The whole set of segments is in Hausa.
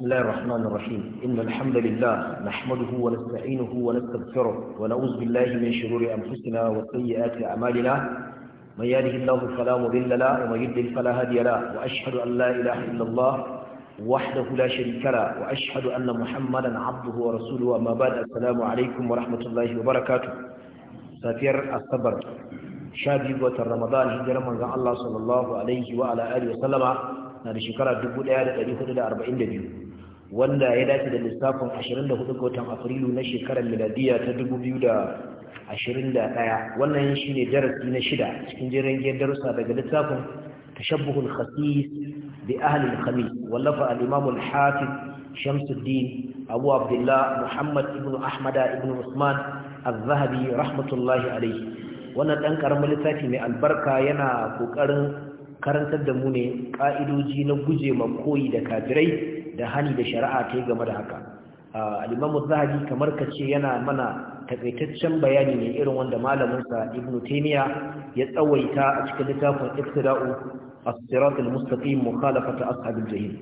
بسم الله الرحمن الرحيم إن الحمد لله نحمده ونستعينه ونستغفره ونعوذ بالله من شرور أنفسنا وسيئات أعمالنا من يهده الله فلا مضل له ومن يضلل فلا هادي له وأشهد أن لا إله إلا الله وحده لا شريك له وأشهد أن محمدا عبده ورسوله أما بعد السلام عليكم ورحمة الله وبركاته سافر الصبر شابي رمضان هجر من الله صلى الله عليه وعلى آله وسلم na da shekara 1442 wanda ya dace da lissafin 24 ga watan afrilu na shekarar miladiya ta 2021 wannan shine darasi na shida cikin jirgin darussa daga littafin tashabbuhul khasis bi ahlil al-khamis wallafa al-imam al-hafiz shamsuddin abu abdullah muhammad ibnu ahmad ibnu usman az zahabi rahmatullahi alayhi wannan dan karamin littafi mai albarka yana kokarin karantar da mu ne ka'idoji na guje ma koyi da kafirai da hani da shari'a ta yi game da haka al-imamu kamar ka ce yana mana taƙaitaccen bayani ne irin wanda malaminsa ibn taymiya ya tsawaita a cikin littafin iftida'u as-sirat al-mustaqim mukhalafata ashabil jahil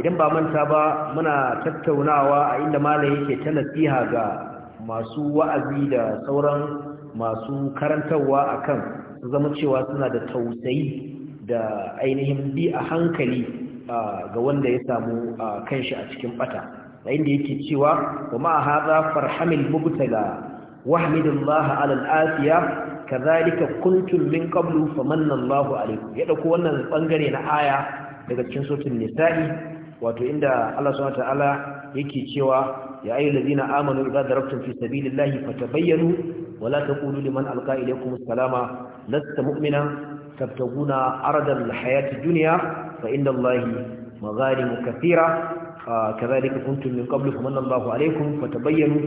idan ba manta ba muna tattaunawa a inda malai yake ta nasiha ga masu wa'azi da sauran masu karantarwa akan su zama cewa suna da tausayi da ainihin bi a hankali ga wanda ya samu kanshi a cikin bata inda yake cewa wa ma hadha farhamil mubtala wahmidullah ala al-afiya kadhalika kuntum min qablu famanna Allahu alaykum ya dauko wannan bangare na aya daga cikin suratul nisa'i wato inda Allah subhanahu wa ta'ala yake cewa يا أيها amanu آمنوا إذا ضربتم في سبيل الله فتبينوا ولا تقولوا لمن ألقى إليكم السلام لست مؤمنا تبتغون أرض الحياة الدنيا فإن الله مغارم كثيرة آه كذلك كنتم من قبل فمن الله عليكم فتبينوا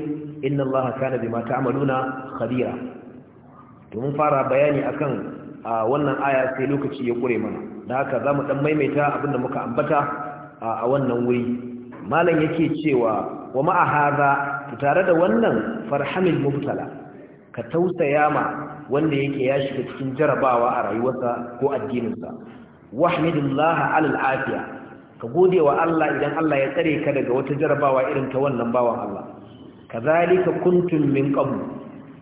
إن الله كان بما تعملون خبيرا domin fara bayani akan wannan aya sai lokaci ya kure mana da haka zamu ɗan maimaita abinda muka ambata a wannan wuri malam yake cewa wa ma'a hadha tare da wannan farhamil mubtala ka tausaya ma wanda yake ya shiga cikin jarabawa a rayuwarsa ko addininsa wahmidullah alal afiya ka gode wa Allah idan Allah ya tsare ka daga wata jarabawa irin ta wannan bawan Allah kazalika kuntum min qabl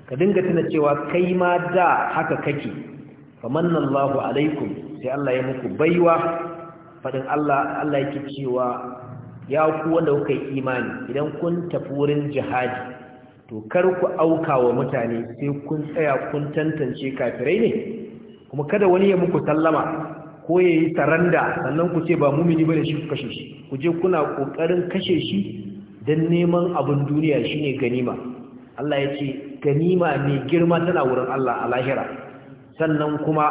ka dinga tuna cewa kai ma da haka kake famanna alaikum sai Allah ya muku baiwa fadin Allah Allah yake cewa ya ku wanda kuka yi imani idan kun tafi wurin jihadi to kar ku auka wa mutane sai kun tsaya kun tantance kafirai ne kuma kada wani ya muku sallama ko ya yi taranda sannan ku ce ba mumini bane shi ku kashe shi ku je kuna kokarin kashe shi don neman abin duniya shine ganima Allah ya ce ganima ne girma tana wurin Allah a lahira sannan kuma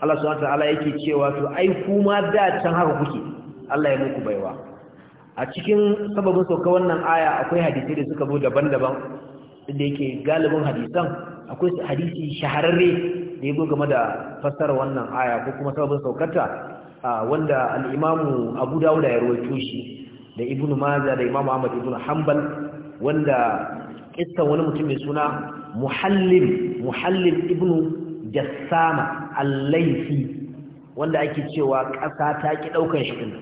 Allah subhanahu wataala yake cewa to ai kuma da can haka kuke Allah ya muku baiwa a cikin sababin sauka wannan aya akwai hadisi da suka zo daban-daban da yake galibin hadisan akwai hadisi shahararre da ya game da fassara wannan aya ko kuma sababin saukarta wanda al'imamu abu dawuda ya rawaito shi da ibn maza da imamu ahmad ibn hanbal wanda kissan wani mutum mai suna muhallim muhallim ibn jassama al-laifi wanda ake cewa ƙasa ta ki ɗaukar shi ɗin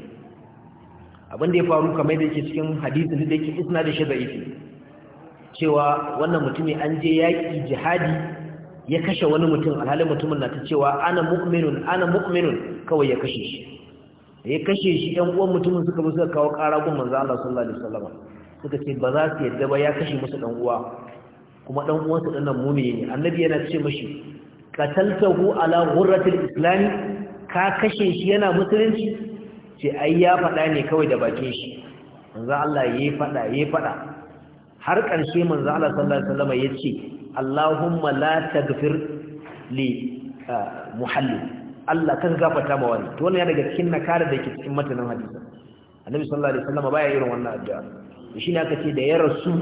abin da ya faru kamar da yake cikin hadisi da yake isna da shi da cewa wannan mutumin an je yaƙi jihadi ya kashe wani mutum alhalin mutumin na ta cewa ana mu'minun ana mu'minun kawai ya kashe shi ya kashe shi ɗan uwan mutumin suka suka kawo ƙara gun manzo Allah sallallahu alaihi wasallam suka ce ba za su yadda ba ya kashe musu ɗan uwa kuma ɗan uwansa ɗan nan mumini ne annabi yana ce mashi qataltahu ala ghurratil islami ka kashe shi yana musulunci ce ai ya faɗa ne kawai da bakin shi manzo Allah yayi faɗa yayi faɗa har ƙarshe manzo Allah sallallahu alaihi wasallam yace Allahumma la taghfir li ah, muhalli Allah kan gafarta ma wani to wannan ya daga cikin nakara da ke cikin matanin hadisi Annabi sallallahu alaihi wasallam baya irin wannan addu'a shi ne aka ce da ya rasu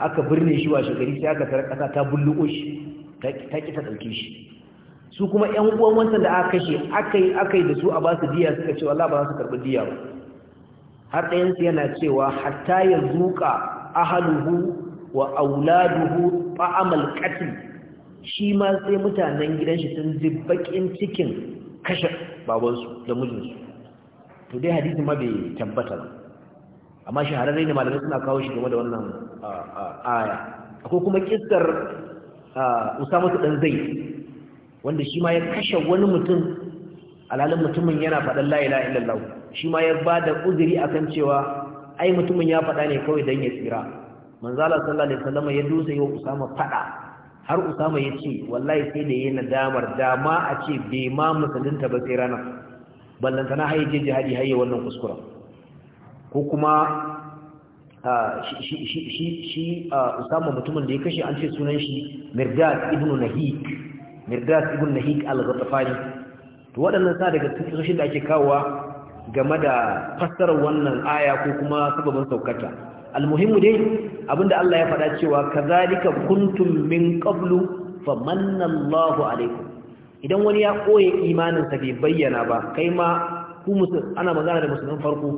aka birne shi wa shugari sai aka tarar kasa ta bulluko shi ta ki ta dauke shi su kuma ƴan uwan wancan da aka kashe akai akai da su a ba su diya suka ce wallahi ba za su karɓi diya ba har ɗayan su yana cewa hatta ya zuƙa ahaluhu wa auladuhu ta'amal qatl shi ma sai mutanen gidan shi sun ji bakin cikin kashe babansu da mijinsu to dai hadisi ma bai tabbata ba amma shahararre ne malamai suna kawo shi game da wannan aya akwai kuma kissar Usama dan zai, wanda shi ma ya kashe wani mutum alalin mutumin yana faɗan la ilaha illallah shi ma ya bada uzuri akan cewa ai mutumin ya faɗa ne kawai don ya tsira manzala sallallahu alaihi wasallam ya dusa yau usama faɗa har usama ya ce wallahi sai da yi nadamar da ma a ce bai ma musulunta ba sai ranar na haye je jihadi haye wannan kuskuren ko kuma shi usama mutumin da ya kashe an ce sunan shi mirdas ibn nahik mirdas ibn nahik al-ghatafani to waɗannan sa daga cikin da ake kawowa game da fassarar wannan aya ko kuma sababin saukata almuhimmu dai abinda Allah ya faɗa cewa kazalika kuntum min qablu famanna Allahu alaikum idan wani ya koye imanin sa bai bayyana ba kai ma ku musu ana magana da musulmin farko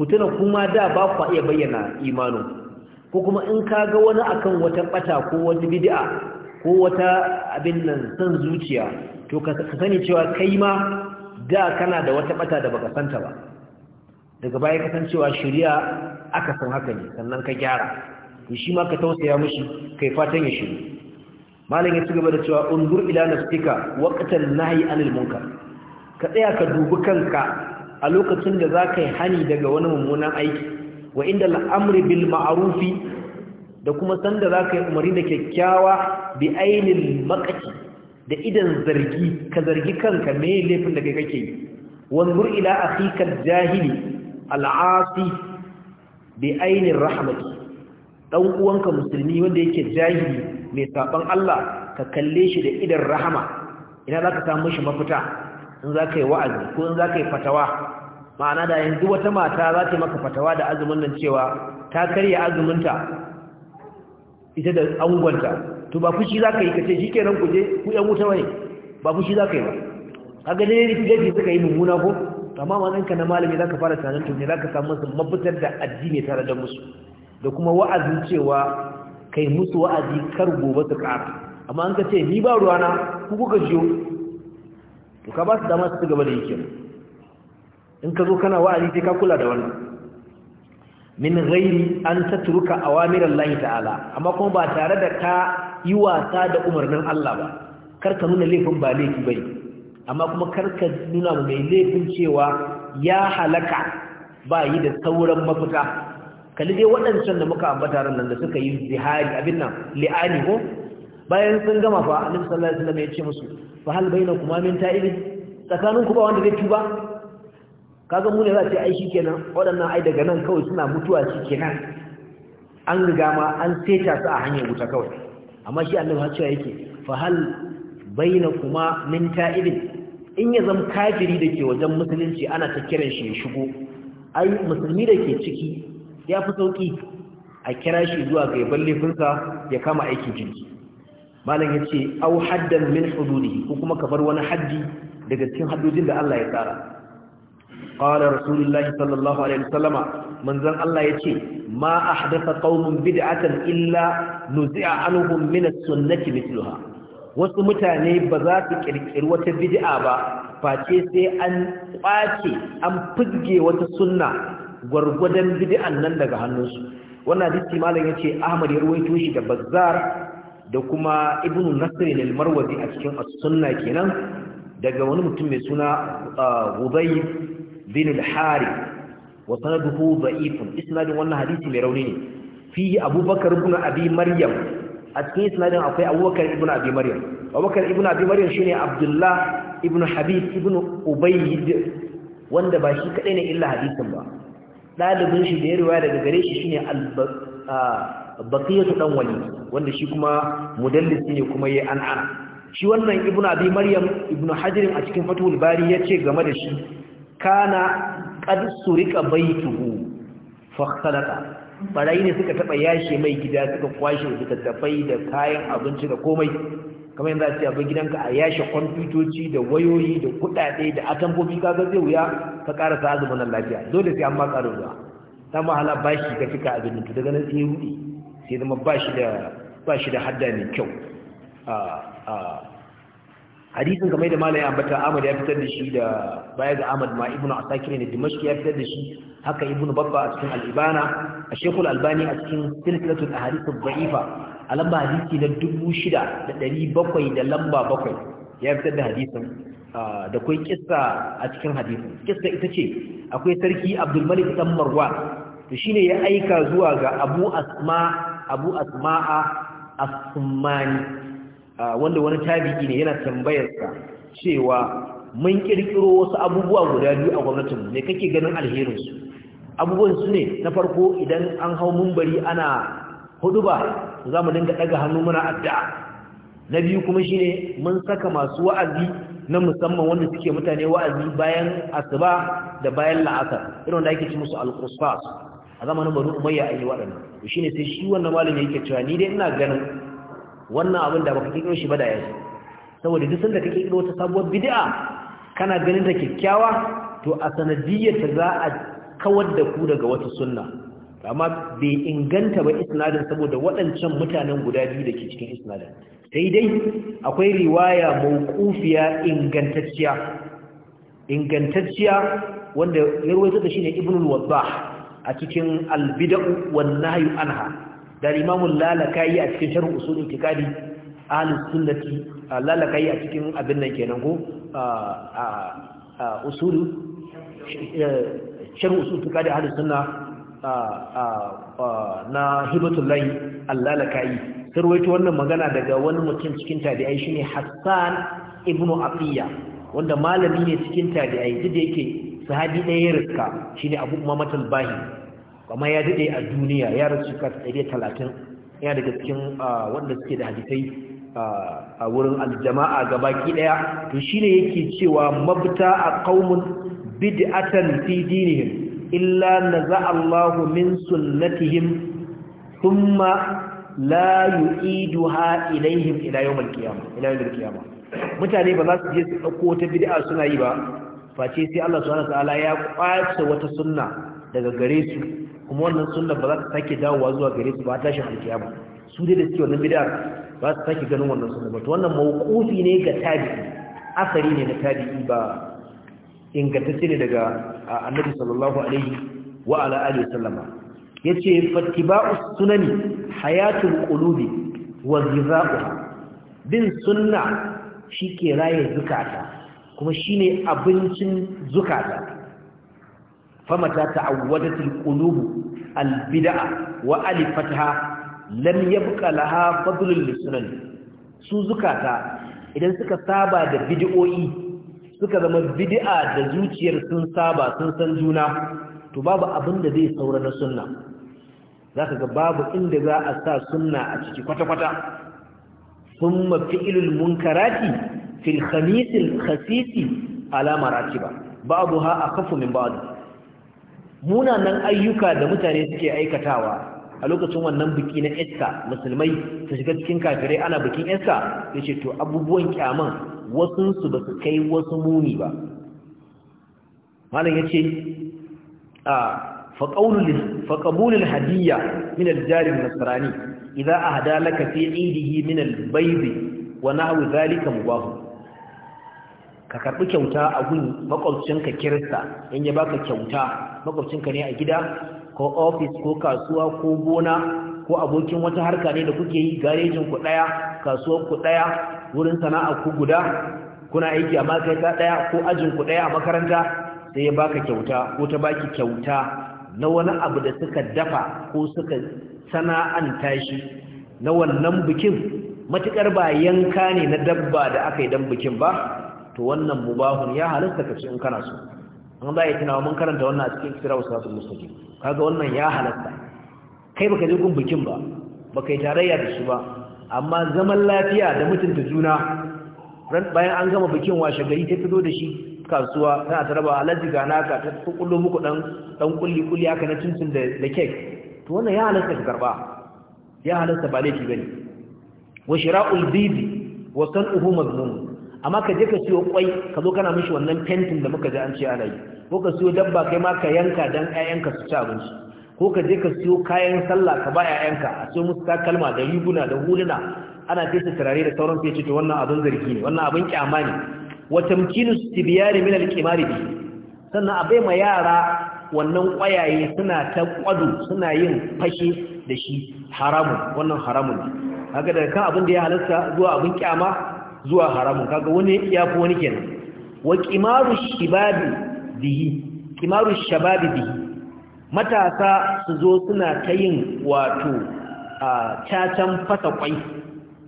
ku tuna kuma da ba ku iya bayyana imanin ko kuma in ka ga wani akan wata bata ko wata bid'a ko wata abin nan san zuciya to ka sani cewa kai ma da kana da wata bata da baka santa ba daga baya ka san cewa aka san haka ne sannan ka gyara to shi ma ka tausaya mishi kai fatan ya shiru malam ya ci gaba da cewa undur ila nafsika waqtan nahyi anil munkar ka tsaya ka dubi kanka a lokacin da zaka yi hani daga wani mummunan aiki wa inda al'amri bil ma'rufi da kuma sanda zaka yi umarni da kyakkyawa bi ainil maqati da idan zargi ka zargi kanka me laifin da kake yi wanzur ila akhika aljahili jahili aini bi rahmati dan uwanka musulmi wanda yake jahili mai saban Allah ka kalle shi da idan rahama ina zaka samu mushi mafita in zaka yi wa'azi ko in zaka yi fatawa ma'ana da yanzu wata mata za ta maka fatawa da azumin nan cewa ta karya azuminta ita da angwanta to ba fushi za ka yi kace shi kenan ku je ku yan wuta wani, ba fushi za ka yi ba kaga dai ne fiye suka yi mummuna ko amma ɗanka na malami za ka fara tunanin to ne za ka samu masu mabutar da addini tare da musu da kuma wa'azin cewa kai musu wa'azi kar gobe su ƙara amma an ka ce ni ba ruwana ku kuka shiyo to ka ba su dama su gaba da yi kenan in ka zo kana wa'azi sai ka kula da wannan min ghairi an tatruka awamiran lahi ta'ala amma kuma ba tare da ka yi wasa da umarnin Allah ba karka nuna laifin ba laifi bai amma kuma karka nuna mai laifin cewa ya halaka ba yi da sauran mafita kalli dai waɗancan da muka ambata ran nan da suka yi zihari abin nan li'ani ko bayan sun gama fa annabi sallallahu alaihi wasallam ya ce musu fa hal bainakum min tsakanin tsakaninku ba wanda zai tuba kaga mu ne za ce ai kenan waɗannan ai daga nan kawai suna mutuwa shi kenan an riga ma an seta su a hanyar wuta kawai amma shi annabi har cewa yake fa hal kuma min ta'ibin in ya zama kafiri da ke wajen musulunci ana ta kiran shi ya shigo ai musulmi da ke ciki ya fi sauki a kira shi zuwa ga yaban laifinsa ya kama aikin jinki malam ya ce au haddan min hududi ko kuma ka wani haddi daga cikin haddojin da Allah ya tsara qala rasulullahi sallallahu alaihi wasallama manzon Allah yace ma ahdatha qaumun bid'atan illa nuzi'a anhum min as-sunnati mithluha wasu mutane ba za su kirkiri wata bid'a ba face sai an kwace an fidge wata sunna gwargwadon bid'an nan daga hannunsu wannan hadisi malam yace Ahmad ya ruwaito shi da Bazzar da kuma Ibn Nasr al-Marwazi a cikin as-Sunna kenan daga wani mutum mai suna uh, Hudayb bin al-harith wa sanaduhu da'ifun isnadin wannan hadisi mai rauni ne fi abubakar ibn abi maryam a cikin isnadin akwai abubakar ibn abi maryam abubakar ibn abi maryam shine abdullah ibn habib ibn ubayd wanda ba shi kadai ne illa ba dalibin shi da ya riwaya daga gare shi shine al dan wali wanda shi kuma mudallis ne kuma yayi an'ana shi wannan Ibnu abi maryam ibn a cikin fatul bari yace game da shi kana qad surika baituhu fakhtalata barayi ne suka taɓa yashe mai gida suka kwashe suka tafai da kayan abinci da komai kamar yanzu a ce abin gidanka a yashe kwamfutoci da wayoyi da kuɗaɗe da atamfofi ka ga zai wuya ka sa azumin nan lafiya dole sai an ma ƙara zuwa. ta mahala ba shi ka cika abin to daga nan sai sai zama ba shi da hadda mai kyau ah, ah. hadisin kamar da malaya ambata Ahmad ya fitar da shi da baya ga Ahmad ma ibnu Asakir ne Dimashq ya fitar da shi haka ibnu Babba a cikin Al-Ibana a Sheikh Al-Albani a cikin Silsilatul Ahadith Ad-Da'ifa a lamba hadisi na 6700 da lamba 7 ya fitar da hadisin da kai kissa a cikin hadisin kissa ita ce akwai sarki Abdul Malik dan to shine ya aika zuwa ga Abu Asma Abu Asma'a Asmani wanda wani tabi'i ne yana tambayarsa cewa mun kirkiro wasu abubuwa guda biyu a gwamnatin ne kake ganin alherin su abubuwan su ne na farko idan an hau mumbari ana hudu ba za mu dinga daga hannu muna addu'a na biyu kuma shine mun saka masu wa'azi na musamman wanda suke mutane wa'azi bayan asuba da bayan la'asar irin wanda ake ci musu alqusas a zamanin banu umayya an yi waɗannan shine sai shi wannan malami yake cewa ni dai ina ganin wannan abin da baka kiro shi ba da yanzu saboda duk sanda kake kiro wata sabuwar bid'a kana ganin ta kyakkyawa to a sanadiyyar ta za a kawar da ku daga wata sunna amma bai inganta ba isnadin saboda waɗancan mutanen guda biyu da ke cikin isnadin sai dai akwai riwaya mauqufiya ingantacciya ingantacciya wanda ya rawaito da shine ibnul wadah a cikin al-bid'u wan nahyu anha da imamul yi a cikin sharh usul itikadi ahlus sunnati yi a cikin abin nan kenan ko usul eh, sharh usul itikadi ahlus sunna na hibatullahi allalakayi sarwaito wannan magana daga wani mutum cikin tabi'ai shine Hassan ibn Aqiya wanda malami ne cikin tabi'ai duk da yake sahabi ɗaya ya riska shine Abu Umamah al kuma ya dade a duniya ya rasu ɗari talatin ya daga cikin wanda suke da hadisai a wurin aljama'a gabaki daya to shine yake cewa mabta a qaumun bid'atan fi dinihim illa naza Allahu min sunnatihim thumma la yu'iduha ilaihim ila yawm al ila mutane ba za su je su dauko ta bid'a suna yi ba face sai Allah subhanahu wa ta'ala ya kwace wata sunna daga gare su kuma wannan sunna ba za ta sake dawowa zuwa gare su ba tashin ba. su dai da suke wannan bid'a ba su sake ganin wannan sunna ba to wannan mawqufi ne ga tabi'i asari ne na tabi'i ba ingantacce ne daga annabi sallallahu alaihi wa ala alihi wasallama yace fattiba'us sunani hayatul qulubi wa ghiza'uha bin sunna shike raye zukata kuma shine abincin zukata famata ta'awwadatul qulub albid'a wa alifatha lam yabqa laha fadlul su zukata idan suka saba da bid'o'i suka zama bid'a da zuciyar sun saba sun san juna to babu abin da zai saura na sunna zaka ga babu inda za a sa sunna a ciki kwata-kwata thumma fi'lul munkarati fil khamis al khasisi ala maratiba ha akhafu min ba'd munanan ayyuka da mutane suke aikatawa a lokacin wannan biki na Easter musulmai su shiga cikin kafirai ana bikin ya ce to abubuwan kyaman wasun su ba su kai wasu muni ba malam yace a fa hadiyya minal al-jari idan a idha ahda laka fi 'idihi min baibi wa nahwu dhalika ka karɓi kyauta a gun makwabcinka kirista in ya baka kyauta makwabcinka ne a gida ko ofis ko kasuwa ko gona ko abokin wata harka ne da kuke yi garejin ku ɗaya kasuwar ku ɗaya wurin sana'a ku guda kuna aiki a makaranta ɗaya ko ajin ku ɗaya a makaranta sai ya baka kyauta ko ta baki kyauta na wani abu da suka dafa ko suka sana'anta shi na wannan bikin matukar ba yanka ne na dabba da aka yi dan bikin ba to wannan mubahun ya halatta ka in kana so an za yi tunawa mun karanta wannan a cikin kira wasu rasu kaga wannan ya halatta kai baka je gumbukin bikin ba baka yi tarayya da shi ba amma zaman lafiya da mutunta juna ran bayan an gama bikin washe gari ta fito da shi kasuwa tana ta raba alaji ga naka ta kullo muku dan dan kulli kulli haka na cincin da da cake to wannan ya halatta ka karba ya halatta ba laifi bane wa shira'ul bibi wa san'uhu mazmun amma ka je ka siyo kwai ka zo kana mishi wannan fentin da muka ji an ce ana yi ko ka siyo dabba kai ma ka yanka dan ƴaƴanka su ci abinci ko ka je ka siyo kayan sallah ka ba ƴaƴanka a siyo musu takalma da riguna da huluna ana fesa turare da sauran fece to wannan abin zargi ne wannan abin kyama ne wa tamkinu tibyani min al-qimari bi sannan abai ma yara wannan kwayaye suna ta kwado suna yin fashe da shi haramun wannan haramun haka daga kan abin da ya halarta zuwa abin kyama zuwa haramun kaga wani ya fi wani kenan wa kimaru bihi shababi bihi matasa su zo suna ta yin wato a cacan fasa kwai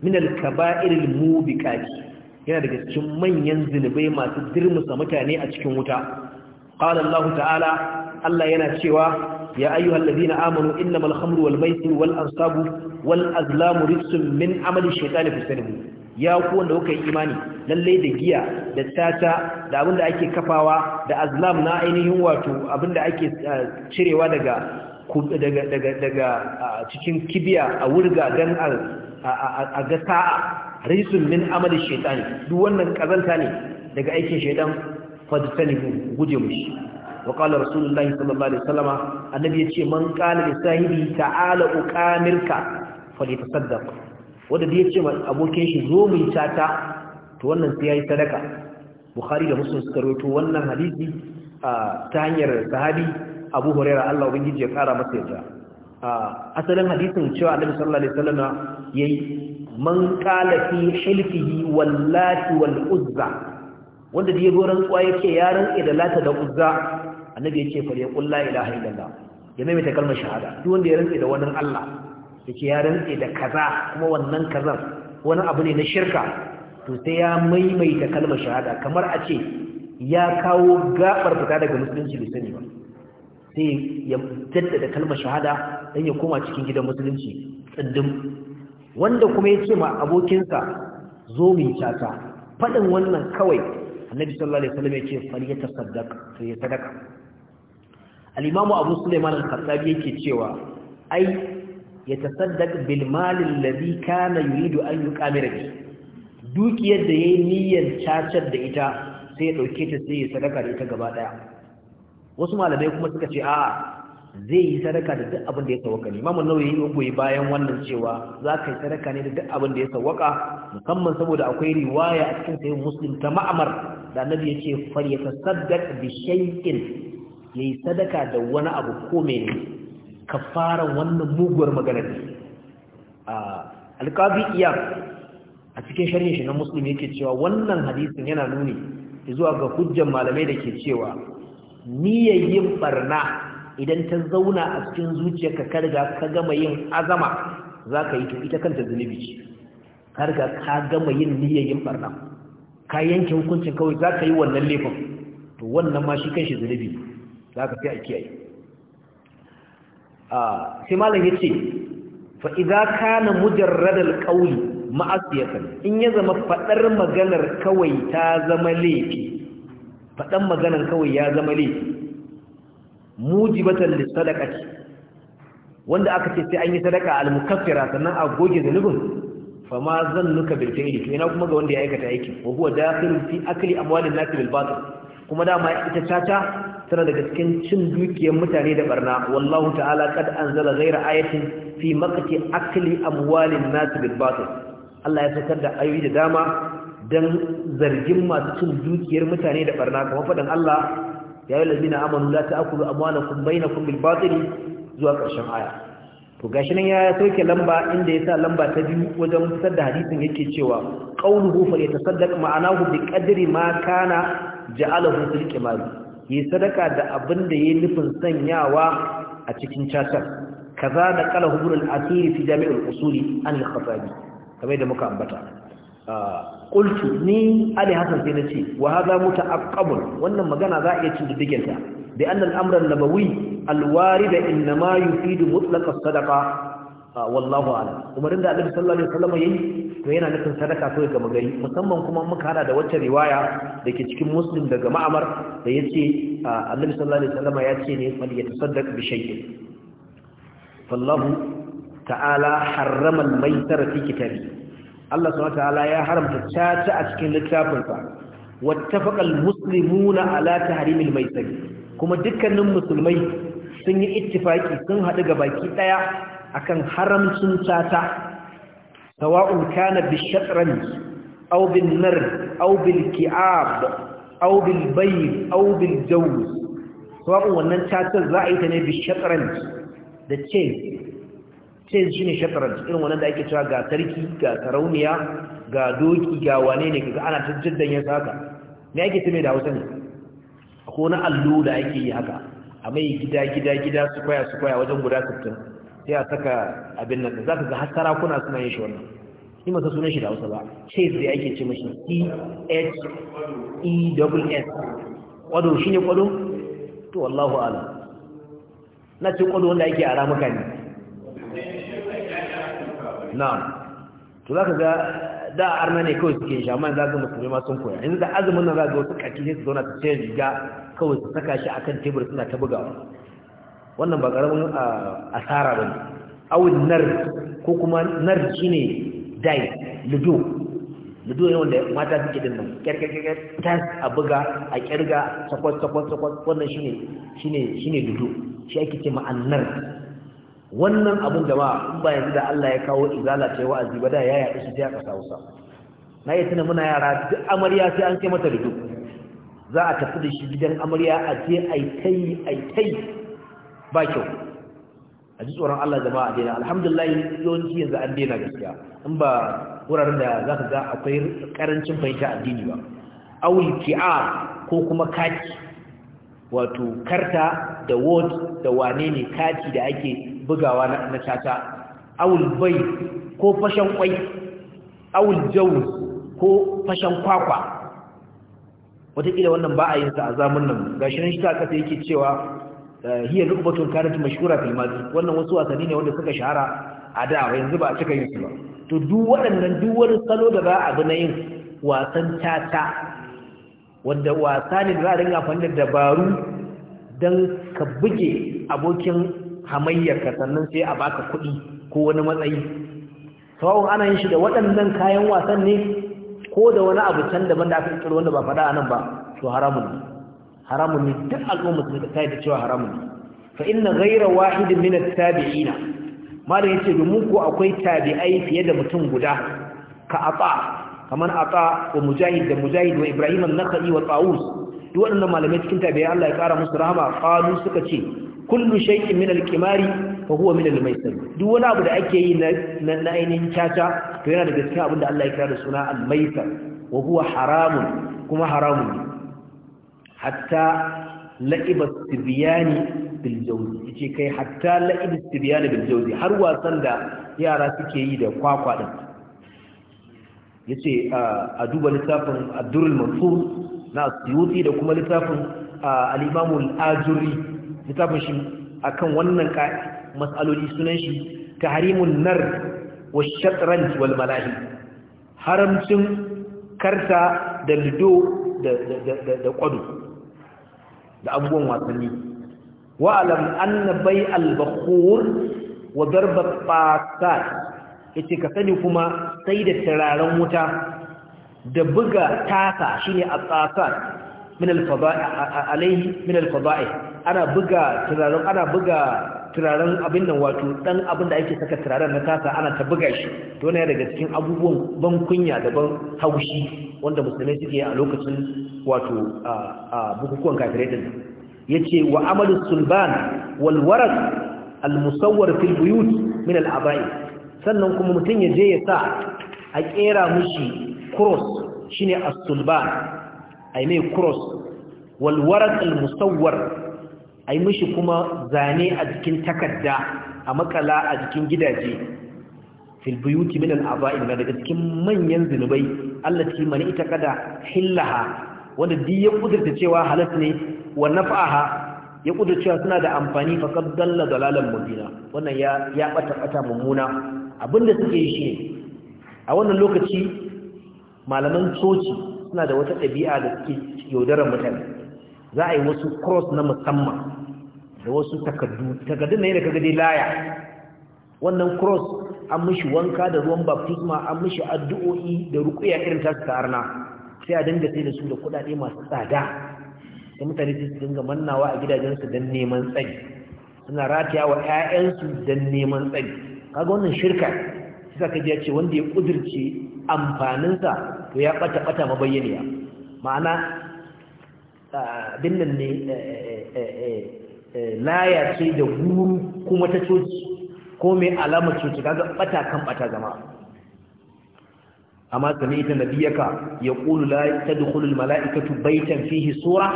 min alkaba'iril mubiqati yana daga cikin manyan zunubai masu dirmusa mutane a cikin wuta qala Allah ta'ala Allah yana cewa يا أيها الذين آمنوا إنما wal والميسر والأنصاب والأزلام رجس من عمل الشيطان في السنة ya ku wanda kuka yi imani lallai da giya da tata da abinda ake kafawa da azlam na ainihin wato abinda ake eh, cirewa daga cikin kibiya a wurga don a ga sa'a risul min amali shaytani duk wannan kazanta ne daga aikin shaytan fadtanibu guje mushi wa qala rasulullahi sallallahu alaihi wasallama annabi yace man qala li sahibi ta'ala uqamirka falyatasaddaq wanda da ya ce abokin shi zo mu yi tata to wannan sai yayi sadaka bukhari da muslim suka rawaito wannan hadisi ta hanyar sahabi abu huraira Allah ubangiji ya kara masa yarda asalin hadisin cewa annabi sallallahu alaihi wasallam yayi man qala fi hilfihi wallati wal uzza wanda da ran rantsuwa yake ya rantsa da lata da uzza annabi yake fa ya qul la ilaha illallah ya ta kalmar shahada duk wanda ya rantsa da wannan Allah yace ya rantse da kaza kuma wannan kazan wani abu ne na shirka to sai ya maimaita kalmar shahada kamar a ce ya kawo gabar fita daga musulunci bai sani ba sai ya da kalmar shahada dan ya koma cikin gidan musulunci tsindin wanda kuma ya ce ma abokinsa zo mu tata faɗin wannan kawai annabi sallallahu alaihi wasallam ya ce fal yatasaddaq sai ya sadaka al-imamu abu sulaiman al-khattabi yake cewa ai يتصدق بالمال الذي كان kana أن يقامر به bi يدي da yayi niyyar cacar da ita sai ya dauke ta sai ya sadaka da ita wasu malamai kuma suka ce a'a zai yi sadaka da duk abin da ya sauka ne mamun nawawi ya goyi bayan wannan cewa za ka yi sadaka ne da duk abin da ya sauka? musamman saboda akwai riwaya a cikin sayin muslim ta ma'amar da annabi ya ce far ya bi shay'in yayi sadaka da wani abu ko mene kafara wannan muguwar magana ne alƙabi iya a cikin sharhin shi na musulmi yake cewa wannan hadisin yana nuni zuwa ga hujjan malamai da ke cewa niyayyin barna idan ta zauna a cikin zuciyarka ka karga ka gama yin azama za ka yi to ita kanta zunubi ce ka ka gama yin niyayyin barna ka yanke hukuncin kawai za ka yi wannan laifin to wannan ma shi kanshi zunubi za ka fi a kiyaye Ah, sai malam ya ce fa idza kana mujarrad alqawl ma'asiyatan in ya zama fadar maganar kawai ta zama laifi fadan maganar kawai ya zama laifi mujibatan lisadaqati wanda aka ce sai an yi sadaka mukaffira sannan a goge zanubin fa ma zannuka bil fi'li to ina kuma ga wanda ya aikata aiki wa huwa dakhil fi akli amwalin nasi bil batil kuma dama ita tata tana daga cikin cin dukiyar mutane da barna wallahu ta'ala kad anzala ghayra ayatin fi maqti akli amwalin nas bil batil Allah ya saukar da ayoyi da dama dan zargin masu cin dukiyar mutane da barna kuma fadan Allah ya yi lazina amanu la ta'kulu amwalakum bainakum bil batil zuwa ƙarshen aya to gashi nan ya sauke lamba inda ya sa lamba ta biyu wajen fitar da hadisin yake cewa qauluhu fa yatasaddaq ma'anahu bi qadri ma kana ja'alahu fil qimari yi sadaka da abin da ya nufin sanyawa a cikin casar kaza da kala huburin asiri fi jami'ar usuli an al-khasabi kamar da muka ambata ah, qultu ni ali Hassan sai na ce wa muta muta'aqqabun wannan magana za a iya cin diddigen da bi anna al-amra an-nabawi al-warid inma yufidu mutlaq sadaka. sadaqa ah, wallahu a'lam umarin da annabi sallallahu alaihi wasallam yayi to yana nufin sadaka kawai gama gari musamman kuma muka hada da wacce riwaya da ke cikin muslim daga ma'amar da ya ce annabi sallallahu alaihi wasallam ya ce ne fal yatasaddaq bi shay'in fallahu ta'ala harrama al maytara fi kitabi Allah subhanahu ta'ala ya haramta caca a cikin littafinsa wattafaqa al-muslimuna ala tahrim al maytari kuma dukkanin musulmai sun yi ittifaki sun hadu ga baki daya akan haramcin caca sawa'un kana bishatran aw bin nar aw bil ki'ab aw bil bayl aw bil jawz wannan tatar za a yi ta ne bishatran da chess chess shine shatran irin wannan da ake cewa ga sarki ga sarauniya ga doki ga wane ne kaga ana tajjaddan ya saka me ake tume da Hausa ne ko na allo da ake yi haka a mai gida gida gida su kwaya su kwaya wajen guda 60 sai a saka abin nan za ka ga har sarakuna suna yin shi wannan shi masa sunan shi da hausa ba sai sai ake ce mashi c-h-e-w-s e kwado shi ne kwado to wallahu ala na ce kwado wanda yake a ramuka ne na to za ka ga da arna ne kawai suke sha man za ga musulmi ma sun koya yanzu da azumin nan za ga wasu kaki sai su zauna su ce riga kawai su saka shi akan tebur suna ta bugawa wannan ba karamin asara ba ne awin nar ko kuma nar shi dai ludo ludo ne wanda mata suke din nan kyarkyarkyar tas a buga a kirga sakwas sakwas sakwas wannan shine shine shine ludo shi ake ce ma'annar wannan abin da ba in ba yanzu da Allah ya kawo izala yi wa'azi ba da ya yaɗu shi ta kasa Hausa na yi tuna muna yara duk amarya sai an kai mata ludo za a tafi da shi gidan amarya a je ai tai ai tai ba kyau a ji tsoron Allah zama a daina alhamdulillah yawanci yanzu an daina gaskiya in ba wuraren da za ka ga akwai karancin fahimta addini ba awul ki'a ko kuma kati wato karta da word da wane ne kati da ake bugawa na tata awul bai ko fashen kwai awul jawu ko fashen kwakwa wataƙila wannan ba a yin sa a zamun nan gashi shi ta kasa yake cewa Eh, hiya rubatun kanat mashhura fil madi wannan wasu wasanni ne wanda suka shahara a da ba yanzu ba a cika yin su ba to duk waɗannan duk wani salo da za a bi na yin wasan tata wanda wasa ne da za a dinga amfani da dabaru don ka buge abokin hamayyarka sannan sai a baka kuɗi ko wani matsayi sawon ana yin shi da waɗannan kayan wasan ne ko da wani abu can daban da aka ƙirƙiro wanda ba faɗa a nan ba to haramun ne haramun ne duk al'ummar musulmi ta yi da cewa haramun ne fa inna ghayra wahidin min at-tabi'ina malam yace domin ko akwai tabi'ai fiye da mutum guda ka ata kamar ata wa mujahid da mujahid wa ibrahim an-nakhai wa tawus duk waɗannan malamai cikin tabi'ai Allah ya kara musu rahama qalu suka ce kullu shay'in min al-qimari fa huwa min al duk wani abu da ake yi na ainihin caca to yana daga cikin abin da Allah ya kira da suna al-maisir wa huwa haramun kuma haramun hatta la'ibar tibiyani biljauzi kai hatta la'ibar tibiyani har wasan da yara suke yi da kwakwa ɗin ya ce a duba littafin abdurul mansur na siyuti da kuma littafin al'imamul ajuri littafin shi akan wannan matsaloli sunan shi ta harimun nar wa shatranj wal malahi haramcin karta da lido da kwado da abubuwan wasanni wa'alam anna bai albakur wa darba fasad yace ka sani kuma sai da tararen wuta da buga tasa shine atsasat min alfada'i alaihi min alfada'i ana buga turaren ana buga turaren abin nan wato dan abin da ake saka turaren na tasa ana ta buga shi to ne daga cikin abubuwan ban kunya da ban haushi wanda musulmai suke a lokacin wato a bukukuwan kafirai din yace wa amalu sulban wal warad al musawwar fil buyut min al abai sannan kuma mutun ya je ya sa a kera mushi cross shine as-sulban ai mai cross wal warad al musawwar a yi mishi kuma zane a jikin takarda a makala a jikin gidaje filbiyuti minan aba'in na daga cikin manyan zunubai allaci mani ita kada hillaha wanda duk ya kudurta cewa halas ne wa naf'aha ya kudurta cewa suna da amfani fa kad dalla dalalan mubina wannan ya ya bata bata mummuna abinda suke yi shi a wannan lokaci malaman coci suna da wata ɗabi'a da suke yaudarar mutane za a yi wasu cross na musamman da wasu takardu takardun ne da kaga dai laya wannan cross an mishi wanka da ruwan baptisma an mishi addu'o'i da ruqya irin ta tsarna sai a danga sai da su da kudade masu tsada da mutane su dinga mannawa a gidajensu dan neman tsari suna rataya wa 'ya'yansu don neman tsari kaga wannan shirka sai ka ji ya ce wanda ya kudirce amfaninsa to ya bata bata mabayyaniya ma'ana binnan ne eh, eh, eh, Eh, laya ce da guru kuma ta coci ko mai alamar coci kaga bata kan bata zama amma sami ita nabiyaka ya qulu ta dukulul malaikatu baitan fihi sura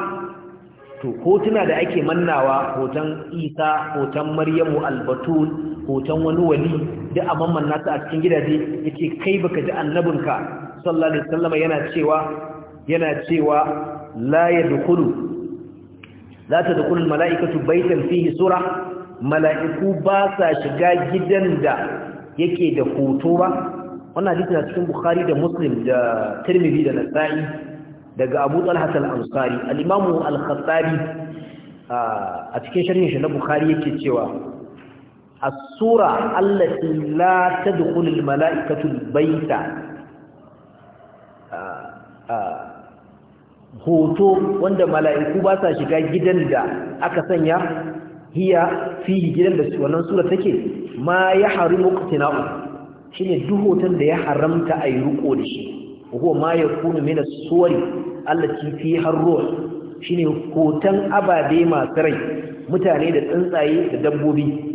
to hotuna da ake mannawa hoton Isa hoton Maryamu albatul hoton wani wali da a mammanna su a cikin gidaje yake kai baka ji annabinka sallallahu alaihi wasallam yana cewa yana cewa la yadkhulu Za ta dukulul mala'ikatu baitan fihi sura mala'iku ba sa shiga gidan da yake da hoto ba wannan hadisi na cikin bukhari da muslim da tirmidhi da nasa'i daga abu talha al-ansari al-imam al-khattabi a cikin sharhin shi na bukhari yake cewa as-sura allati la tadkhulul mala'ikatu al-baita hoto wanda mala'iku ba sa shiga gidan da aka sanya hiya fi gidan da wannan sura take ma ya harimu qtina'u shine duk hoton da ya haramta a yi ruko da shi ko ma yakunu min as-suwari allati fi harruh shine hoton ababe masu rai mutane da tsuntsaye da dabbobi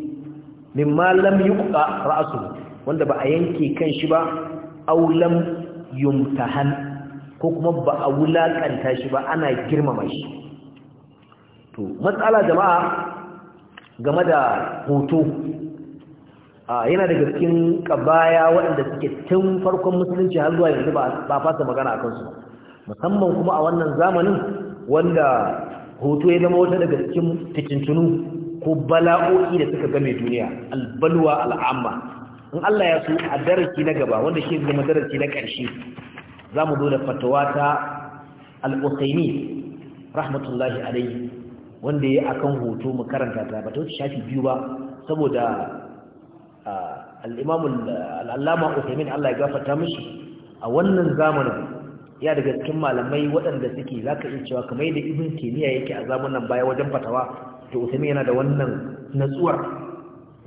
Min mimma lam yuqa ra'su wanda ba a yanke kan shi ba aw lam yumtahan ko kuma ba a wulaƙanta shi ba ana girmama shi to matsala jama'a game da hoto yana daga cikin kabaya waɗanda suke tun farkon musulunci har zuwa yanzu ba fasa magana a kansu musamman kuma a wannan zamanin wanda hoto ya zama wata daga cikin fitintunu ko bala'o'i da suka game duniya albalwa al'amma in Allah ya so a darasi na gaba wanda shi zama darasi na ƙarshe za mu zo da fatawa ta al'usaini rahmatullahi alaihi wanda ya yi akan hoto mu karanta ta ba ta wuce shafi biyu ba saboda al'imamun al'allama usaimin Allah ya gafata mishi a wannan zamanin ya daga cikin malamai waɗanda suke za ka iya cewa kamar da ibin kimiyya yake a zamanin baya wajen fatawa to usaimin yana da wannan natsuwar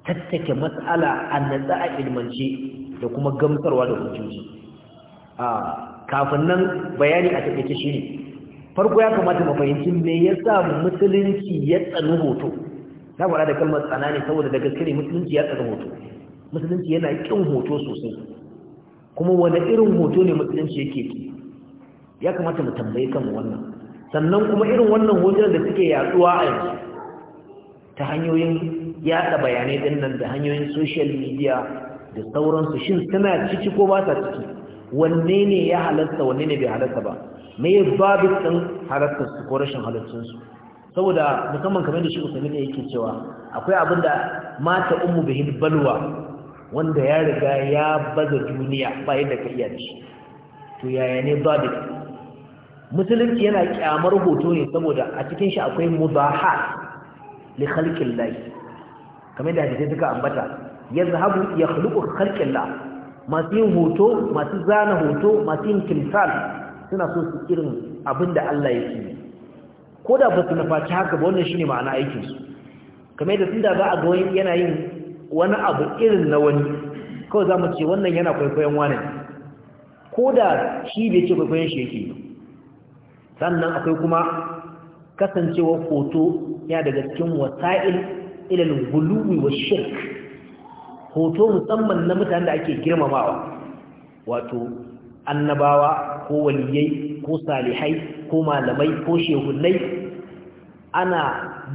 tattake matsala a natsa a ilmance da kuma gamsarwa da hujjoji kafin nan bayani a taƙaice shi ne farko ya kamata mu fahimci me yasa musulunci ya tsanu hoto na faɗa da kalmar tsana ne saboda da gaskare musulunci ya tsanu hoto musulunci yana ƙin hoto sosai kuma wani irin hoto ne musulunci yake ki ya kamata mu tambaye kan wannan sannan kuma irin wannan hotunan da suke yaduwa a yanzu ta hanyoyin yaɗa bayanai ɗin nan da hanyoyin social media da sauransu shin suna ciki ko ba ta ciki wanne ne ya halasta wanne ne bai halasta ba me ya babu ɗin su ko rashin halartarsu saboda musamman kamar da shi usaimi da yake cewa akwai abin da mata ummu bihin balwa wanda ya riga ya baza duniya ba yadda ka iya da shi to yaya ne babu musulunci yana kyamar hoto ne saboda a cikin shi akwai mubaha li khalqin lahi kamar da hadisi suka ambata yazhabu yakhluqu khalqin masu yin hoto masu zana hoto masu yin kimsal suna so su irin abin da Allah ya yi ko da ba su nufaci haka ba wannan shi ne ma'ana aikinsu kamar yadda sun da za a ga wani yana yin wani abu irin na wani kawai za mu ce wannan yana kwaikwayon wani ko da shi bai ce kwaikwayon shi yake sannan akwai kuma kasancewar hoto yana daga cikin wasa'il ilal gulubi wa shirk hoto musamman na mutane da ake girmamawa wato annabawa ko waliyai ko salihai ko malamai ko shehunai ana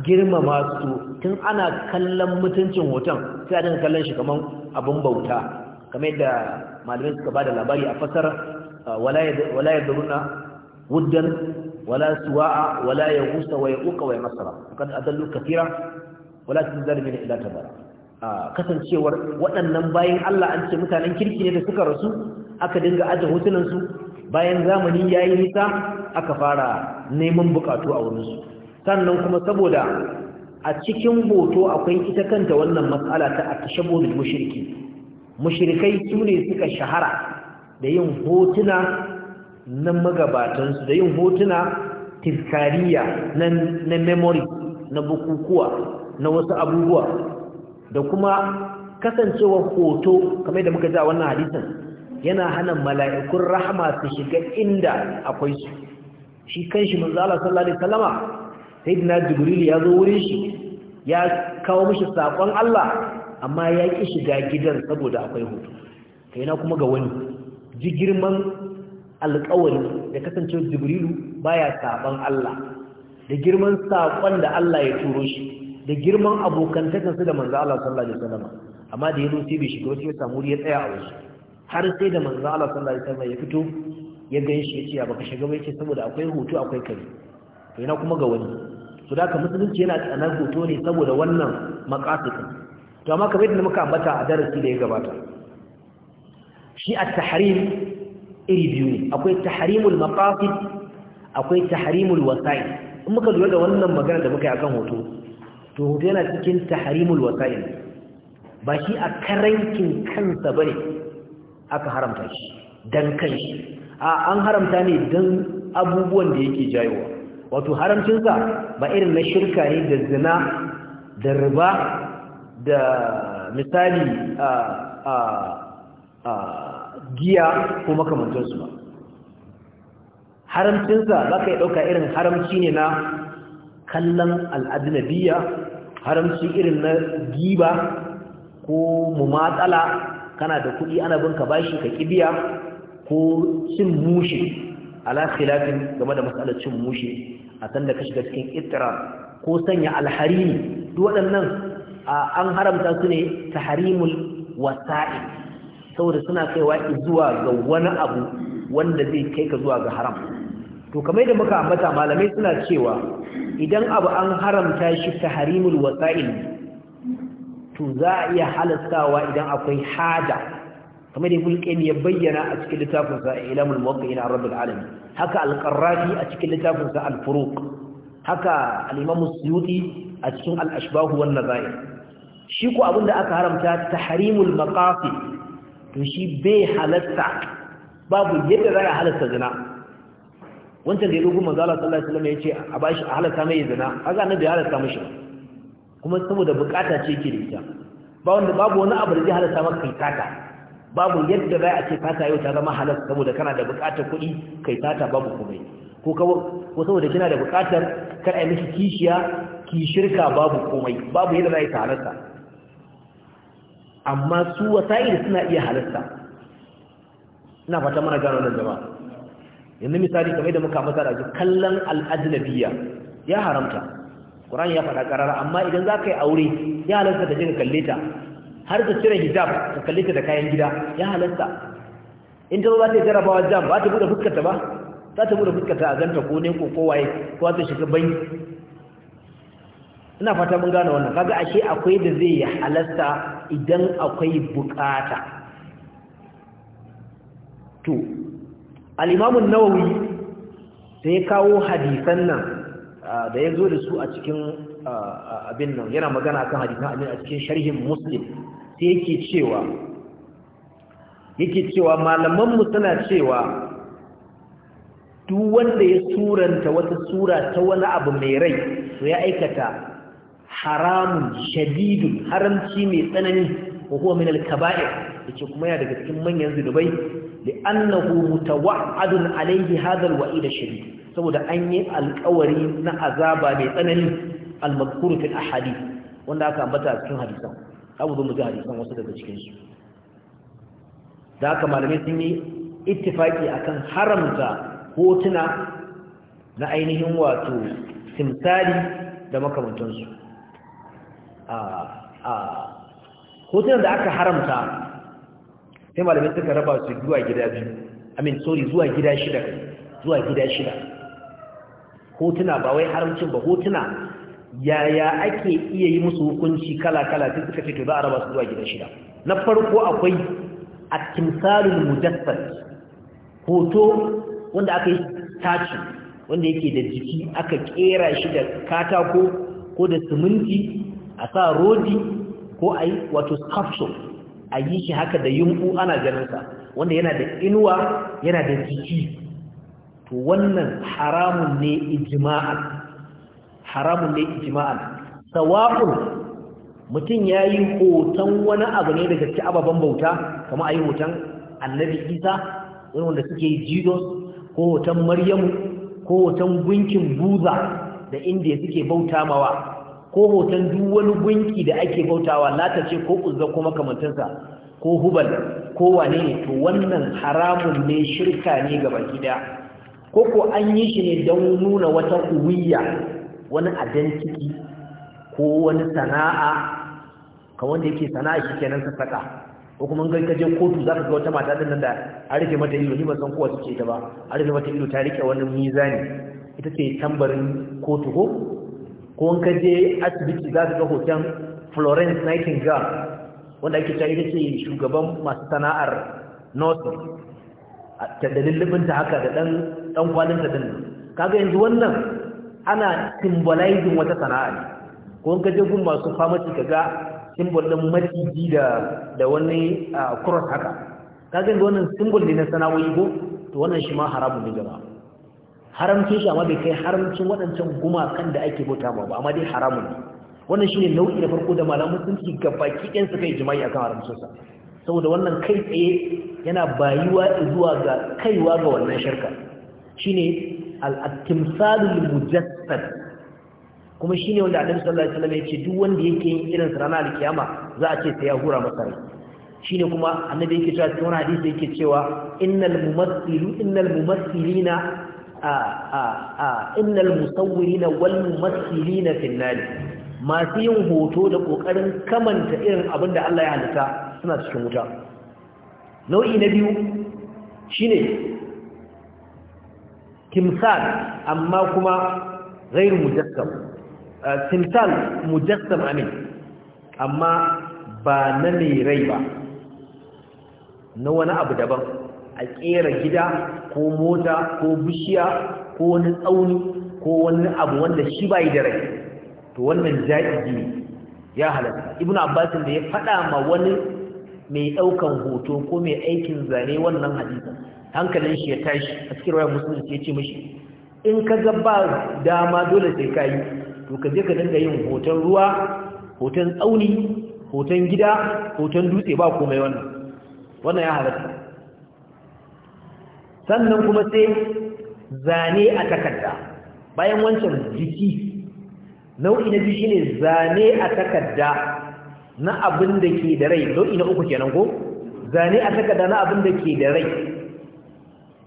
girmama su tun ana kallon mutuncin hoton sai a kallon shi kaman abin bauta kamar yadda malamai suka bada labari a fasar ah, wala ya duruna wuddan wala suwa'a wala ya gusa wa ya uka wa ya masara kan adallu kafira wala tun zarmi na ila tabara kasancewar waɗannan bayan Allah an ce mutanen kirki ne da suka rasu aka dinga aje hotunansu bayan zamani ya yi nisa aka fara neman bukatu a wurinsu sannan kuma saboda a cikin hoto akwai ita kanta wannan matsala ta a da mushriki mushrikai su ne suka shahara da yin hotuna na magabatansu da yin hotuna tilkariya na memory na bukukuwa na wasu abubuwa da kuma kasancewa hoto kamar da muka ji a wannan hadisin yana hana mala'ikun rahama su shiga inda akwai su shi kanshi manzo Allah sallallahu alaihi wasallama sayyidina jibril ya zo wurin shi ya kawo mishi sakon Allah amma ya ki shiga gidan saboda akwai hoto kai na kuma ga wani ji girman alƙawari da kasancewa jibrilu baya sakon Allah da girman sakon da Allah ya turo shi da girman abokantakansu da manzo Allah sallallahu alaihi wasallam amma da yazo sai bai shiga wasu ya samu ya tsaya a wasu har sai da manzo Allah sallallahu alaihi wasallam ya fito ya ganshi ya ce ya baka shiga ba saboda akwai hoto akwai kare to yana kuma ga wani to da ka musulunci yana tsanar hoto ne saboda wannan maqasidin to amma kamar yadda muka ambata a darasi da ya gabata shi at-tahrim iri biyu ne akwai tahrimul maqasid akwai tahrimul wasa'il in muka lura da wannan magana da muka yi akan hoto to hoto yana cikin tahrimul wasa'il ba shi a karankin kansa bane aka haramta shi dan kanshi a an haramta ne dan abubuwan da yake jayowa wato haramcinsa ba irin na shirka ne da zina da riba da misali a giya ko makamantansu ba haramcinsa za ka yi ɗauka irin haramci ne na kallon al'adinabiya haramci irin na giba ko mumatsala kana da kuɗi ana bin ka bashi ka kibiya ko cin mushi ala game da matsalar cin mushi a san da ka shiga cikin ko sanya alharini duk waɗannan an haramta su ne tahrimul wasa'i saboda suna kaiwa zuwa ga wani abu wanda zai kai ka zuwa ga haram to kamar da muka ambata malamai suna cewa idan abu an haramta shi ta harimul wasa'il to za a iya halastawa idan akwai hada kamar da mulkin ya bayyana a cikin littafin sa ilamul muwaqqi'in rabbul alamin haka al-qarrafi a cikin littafin sa al-furuq haka al-imam as-suyuti a cikin al-ashbah wan nazair shi ko abinda aka haramta tahrimul maqasid to shi bai halasta babu yadda za a halasta zina wancan da ya dogon manzo Allah sallallahu alaihi wasallam ya ce a bashi a halaka mai zina kaga annabi ya halaka mishi kuma saboda bukata ce yake da ita ba wanda babu wani abu da zai halaka maka kai tata babu yadda za a ce kata yau ta zama halal saboda kana da bukatar kuɗi kai tata babu komai ko ko saboda kina da bukatar kar ai miki kishiya ki shirka babu komai babu yadda za ta halarta amma su wasa'ir suna iya halarta ina fata mana gano nan jama'a yanzu misali kamar da muka masa raji kallon al'ajnabiya ya haramta Qur'an ya faɗa ƙarara amma idan za ka yi aure ya halarta da jika kalle ta har da cire hijab ka kalle ta da kayan gida ya halarta in ta za ta yi jarabawa jam ba ta buɗe fuskarta ba za ta buɗe fuskarta a ganta ko ne ko kowaye ko ta shiga banki ina fata mun gane wannan kaga ashe akwai da zai yi halasta idan akwai bukata to al'imamun nawawi da ya kawo hadisan nan da ya zo da su a cikin abin nan yana magana akan hadisan abin a cikin sharhin muslim sai yake cewa yake cewa malamanmu suna cewa duk wanda ya suranta wata sura ta wani abu mai rai su ya aikata haramun shadidun haramci mai tsanani ko kuma min al-kaba'ir yace kuma yana daga cikin manyan zunubai li'annahu mutawa'adun alayhi hadha alwa'id ash saboda an yi alƙawari na azaba mai tsanani almakurufin madhkur fil wanda aka ambata cikin hadisan abu zo mu ji hadisan wasu daga cikinsu. da aka malamai sun yi ittifaki akan haramta hotuna na ainihin wato simsali da makamantansu hotunan da aka haramta sai malamai suka raba su zuwa gida biyu amin sori zuwa gida shida zuwa gida shida hotuna ba wai haramcin ba hotuna yaya ake iya yi musu hukunci kala-kala sai suka ce to za a raba su zuwa gida shida na farko akwai a timsalul mujassad hoto wanda aka yi taci wanda yake da jiki aka kera shi da katako ko da siminti a sa rodi ko a yi wato sculpture a yi shi haka da yunku ana ganinsa wanda yana da inuwa yana da jiki to wannan haramun ne ijma'an haramun ne ijma'an sawa'un mutum ya yi hoton wani abu ne daga ci ababen bauta kama a yi hoton annabi isa wani wanda suke yi jesus ko hoton maryamu ko hoton gunkin buza da inda suke bauta mawa ko hoton duk wani gunki da ake bautawa lata ce ko uzza ko makamantansa ko hubal ko wane ne to wannan haramun ne shirka ne ga baki daya ko ko an yi shi ne don nuna wata uwiya wani identity ko wani sana'a kamar wanda yake sana'a shi kenan sa saka ko kuma ga kaje kotu zaka ga wata mata din nan da a rike mata ido ni ban san kowa ce ta ba an rufe mata ido ta rike wani mizani ita ce tambarin kotu ko ko ka je asibiti za ka ga hoton florence nightingale wanda ake cewa ita ce shugaban masu sana'ar a da lullubinta haka da ɗan kwanin kwalinta kaga yanzu wannan ana symbolizing wata sana'a ne ko ka je gun masu famaci kaga ga symbol ɗin maciji da da wani cross haka kaga yanzu wannan symbol ne na sana'o'i ko to wannan shi ma haramun ne jama'a haramcin shi amma bai kai haramcin waɗancan gumakan da ake bauta ba amma dai haramun ne wannan shine nau'i na farko da sun ci gabaki ɗayan su kai jima'i akan haramcin sa saboda wannan kai tsaye yana bayuwa zuwa ga kaiwa ga wannan shirka shine al-timsalul mujassad kuma shine wanda Annabi sallallahu alaihi wasallam ce duk wanda yake yin irin sa ranar alkiyama za a ce sai ya hura masa rai shine kuma Annabi yake cewa cikin hadisi yake cewa innal mumathilu innal innal musawwirina wal mumassilina fil nar masu yin hoto da kokarin kamanta irin abinda da Allah ya halitta suna cikin wuta nau'i na biyu shine timsal amma kuma ghairu mujassam timsal mujassam amin amma ba na mai rai ba na wani abu daban a ƙera gida ko mota ko bishiya ko wani tsauni ko wani abu wanda shi bai da rai to wannan ja'izi ne ya halatta ibnu abbas da ya faɗa ma wani mai ɗaukan hoto ko mai aikin zane wannan hadisi hankalin shi ya tashi a cikin musulmi sai ya ce mashi in ka ga ba dama dole sai ka yi to ka je ka dinga yin hoton ruwa hoton tsauni hoton gida hoton dutse ba komai wannan wannan ya halatta sannan kuma sai zane a takarda bayan wancan jiki nau'i na biyu shine zane a takarda na abin da ke da rai nau'i na uku kenan ko zane a takarda na abin da ke da rai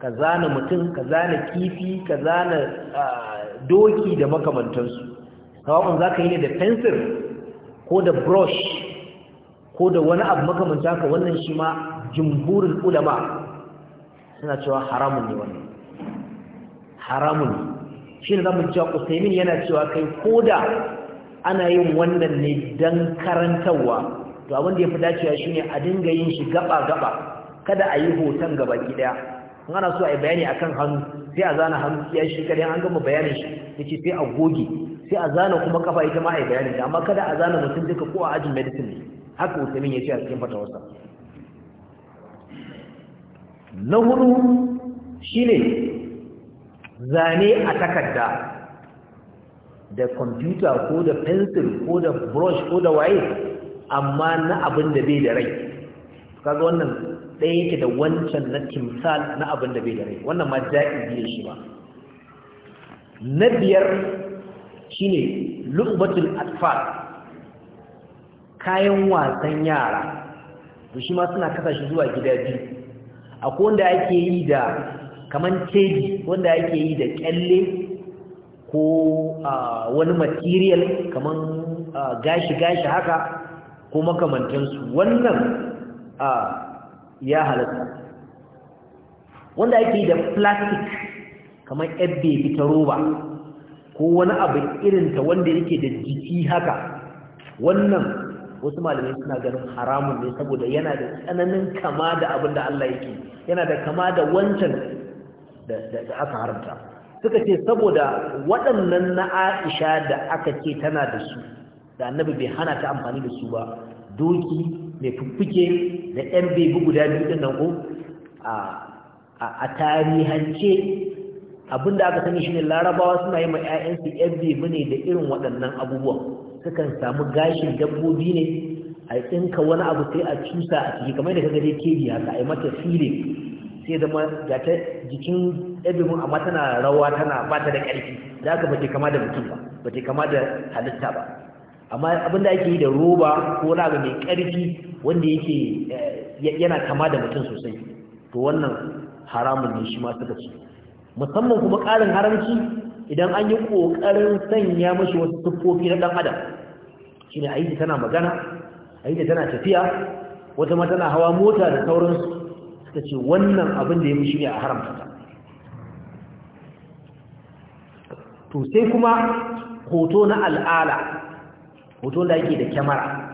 ka zana mutum ka zana kifi ka zana doki da makamantansu sawa'un za ka yi ne da fensir ko da brush ko da wani abu makamanta ka wannan shi ma jimburin ulama suna cewa haramun ne wannan haramun shi ne zamu cewa kusaimin yana cewa kai koda ana yin wannan ne dan karantarwa to abin da ya fi dacewa shine a dinga yin shi gaba gaba kada a yi hoton gaba gida in ana so a yi bayani akan hannu sai a zana hannu ya shi kare an gama bayanin shi yace sai a goge sai a zana kuma kafa ita ma a yi bayanin amma kada a zana mutum duka ko a ajin medicine ne haka Usamin ya ce a cikin fatawarsa na hudu shine zane a takarda da kwamfuta ko da pencil ko da brush ko da waye amma na abin da bai da rai kaga wannan ɗaya yake da wancan na timsal na abin da bai da rai wannan ma ja'izi shi ba na biyar shine lubatul atfal kayan wasan yara to shi ma suna kasa shi zuwa gida biyu akwai wanda ake yi da kaman keji wanda ake yi da kyalle ko wani material kaman gashi-gashi haka ko makamantansu wannan ya halatta wanda ake yi da plastic kamar ebbe ta roba ko wani abu ta wanda yake da jiki haka wannan wasu malamai suna ganin haramun ne saboda yana da tsananin kama da abin da Allah yake yana da kama da wancan da aka haramta suka ce saboda waɗannan na Aisha da aka ce tana da su da annabi bai hana ta amfani da su ba doki mai fuffuke da ɗan bebi guda biyu ɗin nan ko a tarihance da aka sani shine larabawa suna yi ma 'ya'yansu yan bebi ne da irin waɗannan abubuwan sukan samu gashin dabbobi ne a ɗinka wani abu sai a cusa a ciki kamar da kaga ke keji haka a yi mata filin sai zama ga ta jikin ɗabi'un amma tana rawa tana ba ta da ƙarfi da aka bace kama da mutum ba bace kama da halitta ba amma abin da ake yi da roba ko wani abu mai ƙarfi wanda yake eh, yana kama da mutum sosai to wannan haramun ne shi ma suka ce musamman kuma ƙarin haramci idan an yi ƙoƙarin sanya mashi wasu tuffofi na ɗan adam shi ne aiki tana magana aiki tana tafiya wata ma tana hawa mota da sauransu suka ce wannan abin da ya mishi ne a haramta ta to sai kuma hoto na al'ala hoto da yake da kyamara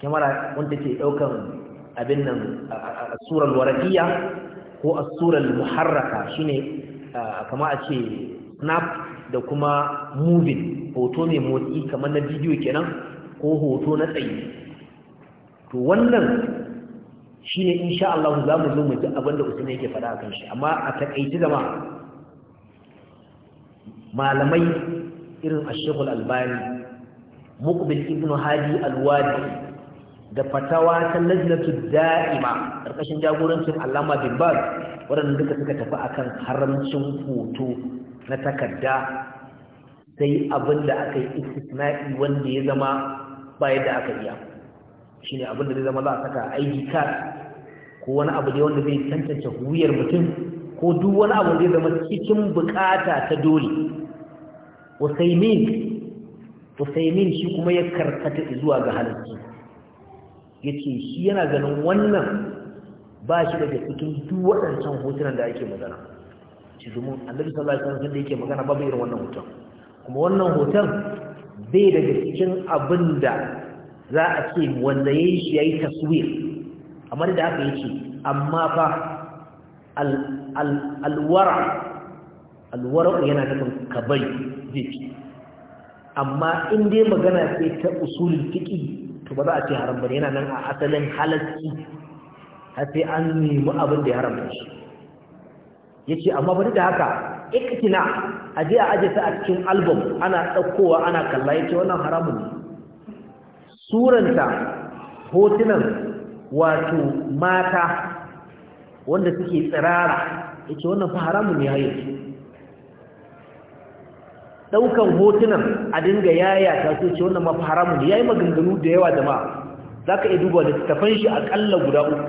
kyamara wanda ke ɗaukan abin nan a surar warakiya ko a surar muharraka shi ne kama a ce snap da kuma moving hoto mai motsi kamar na bidiyo kenan ko hoto na tsayi, to wannan shine insha Allah za mu zo mu ji abin da Usman yake faɗa kan shi amma a takaici zama malamai irin Ash-Sheikh albani Muqbil Ibn Hadi alwadi da fatawa ta Lajnatu Da'ima karkashin jagorancin Allama Bin Baz waɗanda duka suka tafi akan haramcin hoto na takarda sai abin da aka yi istisna'i wanda ya zama bayan da aka iya shi ne abin da zai zama za a saka id card ko wani abu ne wanda zai tantance huyar mutum ko duk wani abu zai zama cikin bukata ta dole usaimin shi kuma ya karkata zuwa ga halittu ya ce shi yana ganin wannan ba shi daga cikin duk waɗancan hotunan da ake magana shi zumu annabi sallallahu alaihi wasallam yake magana babu irin wannan hoton kuma wannan hoton bai daga cikin abinda za a ce wanda ya yi shi ya yi taswir amma da aka yi ce amma fa alwara alwara yana nufin kabari zai amma in dai magana sai ta usulin fiƙi to ba za a ce haram bane yana nan a asalin halarci har sai an nemi abin da ya haramta shi yace amma bari da haka a aje a ajiye ta a cikin album ana ɗaukowa ana kalla ce wannan haramun ne suranta hotunan wato mata wanda suke tsirara Ya ce wannan fa haramun ya yi. ɗaukan hotunan a dinga yaya ta so ce wannan ma fa haramun Ya yi maganganu da yawa jama'a ka iya da littafan shi ƙalla guda uku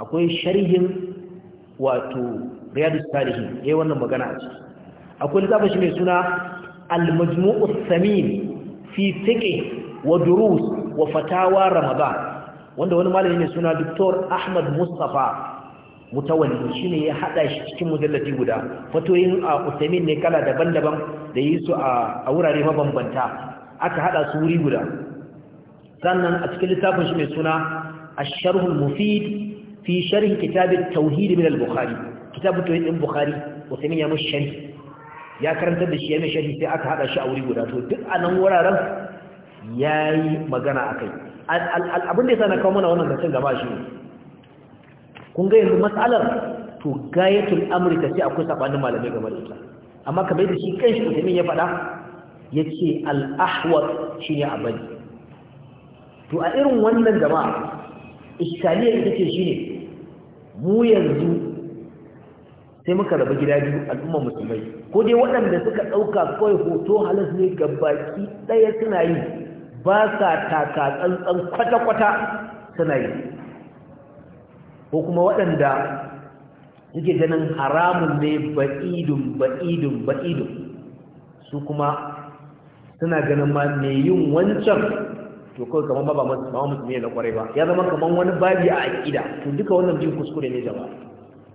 akwai sharhin wato riyadus salihin yayi wannan magana a ciki akwai littafin shi mai suna al-majmu'u samin fi fiqh wa durus wa fatawa ramadan wanda wani malami mai suna Dr. Ahmad Mustafa mutawalli shine ya hada shi cikin mujallati guda fatoyin a Uthaymeen ne kala daban-daban da yi su a wurare mabambanta aka hada su wuri guda sannan a cikin littafin shi mai suna asharhul mufid fi sharhi kitab at-Tauhid min al-Bukhari kitabu fito din bukhari usaimin ya mishi ya karanta da shi ya mishi sai aka hada shi a wuri guda to duk a nan wuraren yayi magana akai abin da yasa na kawo mana wannan zancen gaba shi kun ga yanzu matsalar to gayatul amri sai akwai sabanin malamai game da ita amma kamar da shi kanshi usaimin ya faɗa yace al-ahwat shine abadi to a irin wannan jama'a iskaliyar ita ce shine mu yanzu sai muka rabu gida biyu al'ummar musulmai ko dai waɗanda suka ɗauka kawai hoto halas ne ga baki ɗaya suna yi ba sa taka tsantsan kwata-kwata suna yi ko kuma waɗanda suke ganin haramun ne ba'idun ba'idun ba'idun su kuma suna ganin ma mai yin wancan to kawai kamar ba ba musulmi na kwarai ba ya zama kamar wani babi a aƙida to duka wannan jin kuskure ne jama'a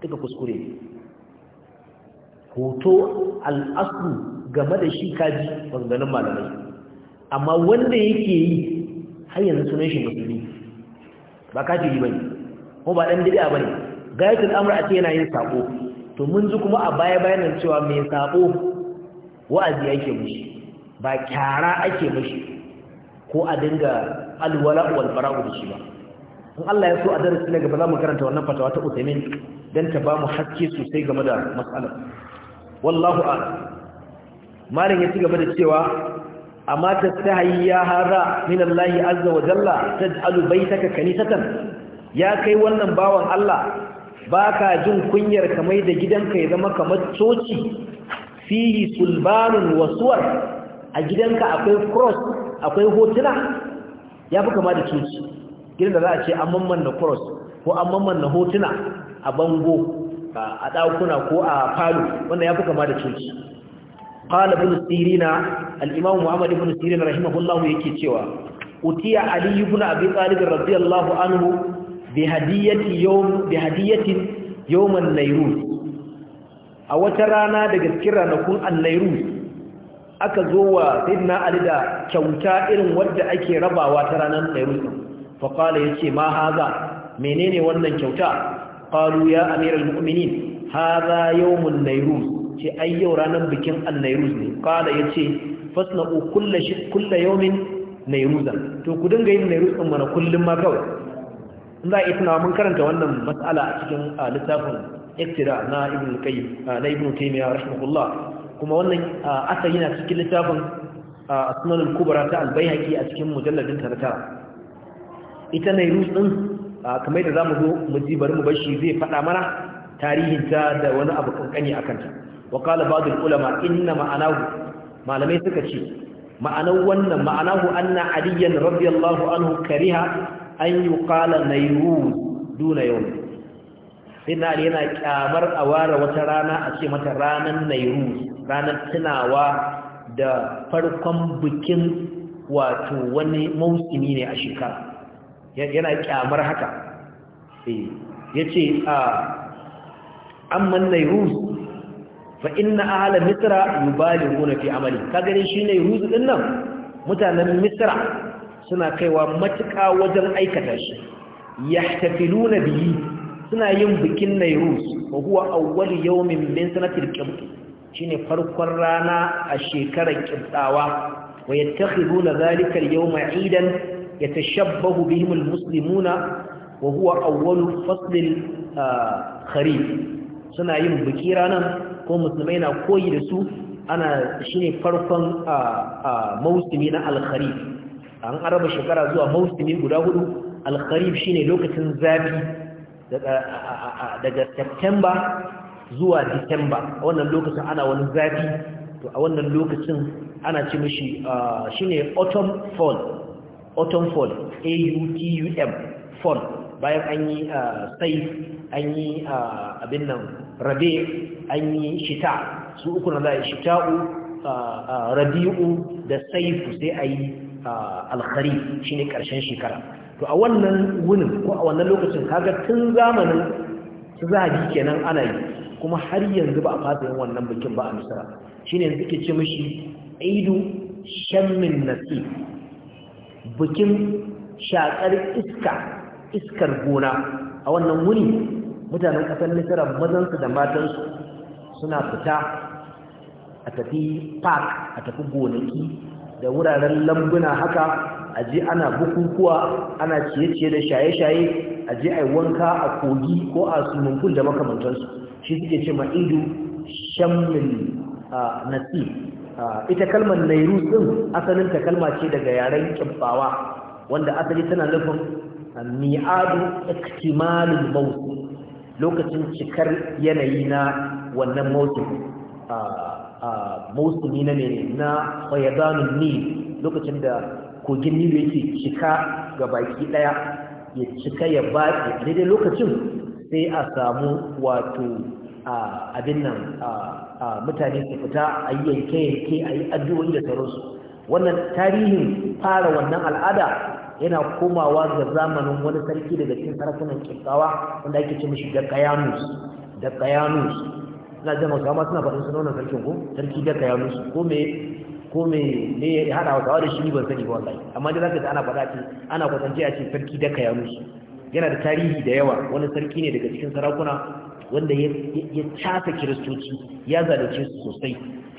duka kuskure ne hoto al'asu game da shi kaji maganganun malamai amma wanda yake yi har yanzu sunan shi musulmi ba yi bane ko ba dan dida bane gayatul amr a ce yana yin sako to mun ji kuma a baya bayan nan cewa mai sako wa'azi yake mushi ba kyara ake mushi ko a dinga alwala wal fara'u da shi ba in Allah ya so a darasi na gaba za mu karanta wannan fatawa ta Uthaymeen dan ta ba mu sosai game da matsalar wallahu a'lam malam ya ci gaba da cewa amma ta ya hada min Allah azza wa jalla taj'alu baytaka kanisatan ya kai wannan bawan Allah baka jin kunyar kamai da gidanka ya zama kamar coci fihi sulbanun wasuwar a gidanka akwai cross akwai hotuna ya fi kama da coci gidan da za a ce an mamman na cross ko an mamman na hotuna a bango a ɗakuna ko a falo wanda ya fi kama da coci qala bin sirina al’imamu muhammad bin sirina rahimahullah yake cewa utiya ali kuna abin radiyallahu anhu bi hadiyatin a wata rana daga cikin ranakun an nairus aka zo wa sayyidina ali da kyauta irin wadda ake rabawa ta ranar nairus Fakwala ya ce ma haza menene wannan kyauta qalu ya amiral mu'minin hadha yawmun nayruz ce ai yau ranar bikin annayruz ne qala yace fasna'u kullu shi kullu yawmin nayruzan to ku dinga yin nayruz din mana kullum ma kawai in za a yi mun karanta wannan mas'ala a cikin littafin iktira na ibn na ibn taymiya rahimahullah kuma wannan asali yana cikin littafin asnan kubra ta al a cikin mujalladin tarata ita nayruz din kamar da za mu zo mu ji bari mu shi zai faɗa mana tarihinta da wani abu kankani a kanta wa kala ba ulama inna ma'anahu malamai suka ce ma'anar wannan ma'anahu anna aliyan radiyallahu anhu kariha an yi nairu duna yau sai na yana kyamar a ware wata rana a ce mata ranar nairu ranar tunawa da farkon bikin wato wani mausimi ne a shekara yana kyamar haka eh, ya ce amman nairus, fa inna ahla misra yubaliguna fi amali ka shi nairus din nan mutanen misra suna kaiwa matuka wajen aikata shi na biyi, suna yin bikin nairuz wa awali awwal yawmin min sanatil qibt shine farkon rana a shekarar qibtawa wa yattakhiduna zalika al-yawma 'idan yatashabbahu bihim almuslimuna wa huwa awwalu faslil ah, kharif suna yin biki ranan ko musulmai na koyi da su ana shine farkon ah, ah, mausimi na al an araba shekara zuwa mausimi guda hudu al shine lokacin zafi daga September zuwa December a wannan lokacin ana wani zafi to a wannan lokacin ana ce mishi shine autumn fall autumn fall a u fall bayan an yi ah, saif an yi ah, abin nan rabe an yi shita su uku na zai shita'u ah, rabi'u da saifu sai a yi alkhari shi ne ƙarshen shekara to a wannan wunin ko a wannan lokacin kaga tun zamanin su zahabi kenan ana yi kuma har yanzu ba a fata yin wannan bikin ba a misira shi ne suke ce mashi aidu shammin nasi bikin shakar iska iskar gona a wannan wuri mutanen ƙasar misira mazansu da matansu suna fita a tafi park a tafi gonaki da wuraren lambuna haka a je ana bukukuwa ana ciye-ciye da shaye-shaye a je a yi wanka a kogi ko a sumunkun da makamantansu shi suke ce ma'idu shammin ah, nasi Ah, ita kalmar nairu din asalin ta kalma ce daga yaren kibbawa wanda asali tana nufin ah, mi'adu iktimalul mawsim lokacin cikar yanayi na wannan mawsim ah, mawsimi na ne na fayadanun ni lokacin da kogin nilu yake cika ga baki daya ya cika ya baki daidai lokacin sai a samu wato abin nan mutane su fita a yi yanke yanke a yi addu'o'i da sauransu wannan tarihin fara wannan al'ada yana komawa ga zamanin wani sarki daga cikin sarakunan kirkawa wanda ake ce mishi da kayanus da kayanus na jama’a kama suna faɗin suna wannan sarkin ko sarki da kayanus ko me ko me ne ya hada wa da shi ban sani ba wallahi amma dai zaka ta ana faɗa ce ana kwatance a ce sarki da kayanus yana da tarihi da yawa wani sarki ne daga cikin sarakuna wanda ya casa kiristoci ya zalace su sosai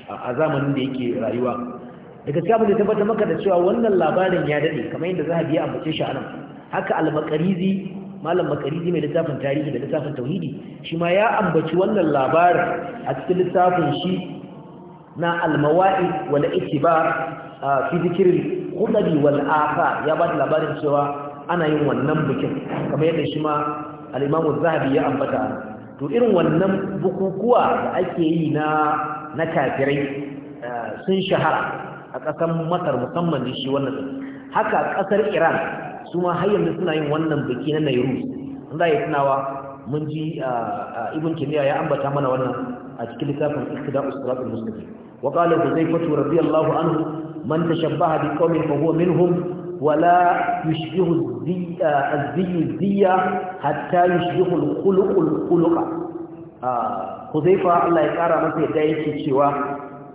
a zamanin da yake rayuwa Daga gaskiya abin da tabbatar maka da cewa wannan labarin ya dade kamar yadda zahabi ya ambace shi anan haka al-makarizi malam makarizi mai littafin tarihi da littafin tauhidi shi ma ya ambaci wannan labarin a cikin littafin shi na al-mawa'i wal ittiba fi dhikr al wal afa ya ba labarin cewa ana yin wannan bikin kamar yadda shi ma al'imamu zahabi ya ambata to irin wannan bukukuwa da ake yi na na kafirai eh, sun shahara a ƙasar masar musamman da shi wannan haka ƙasar iran su ma har yanzu suna yin wannan biki na nairu za a yi tunawa mun ji eh, eh, ibn kimiyya ya ambata mana wannan a cikin littafin iktida usratul muslimin wa qala huzaifatu radiyallahu anhu man tashabbaha bi qaumin fa ولا يشبه الزي الزي حتى يشبه الخلق الخلق حذيفة الله يقرأ مثل يدعيك شوى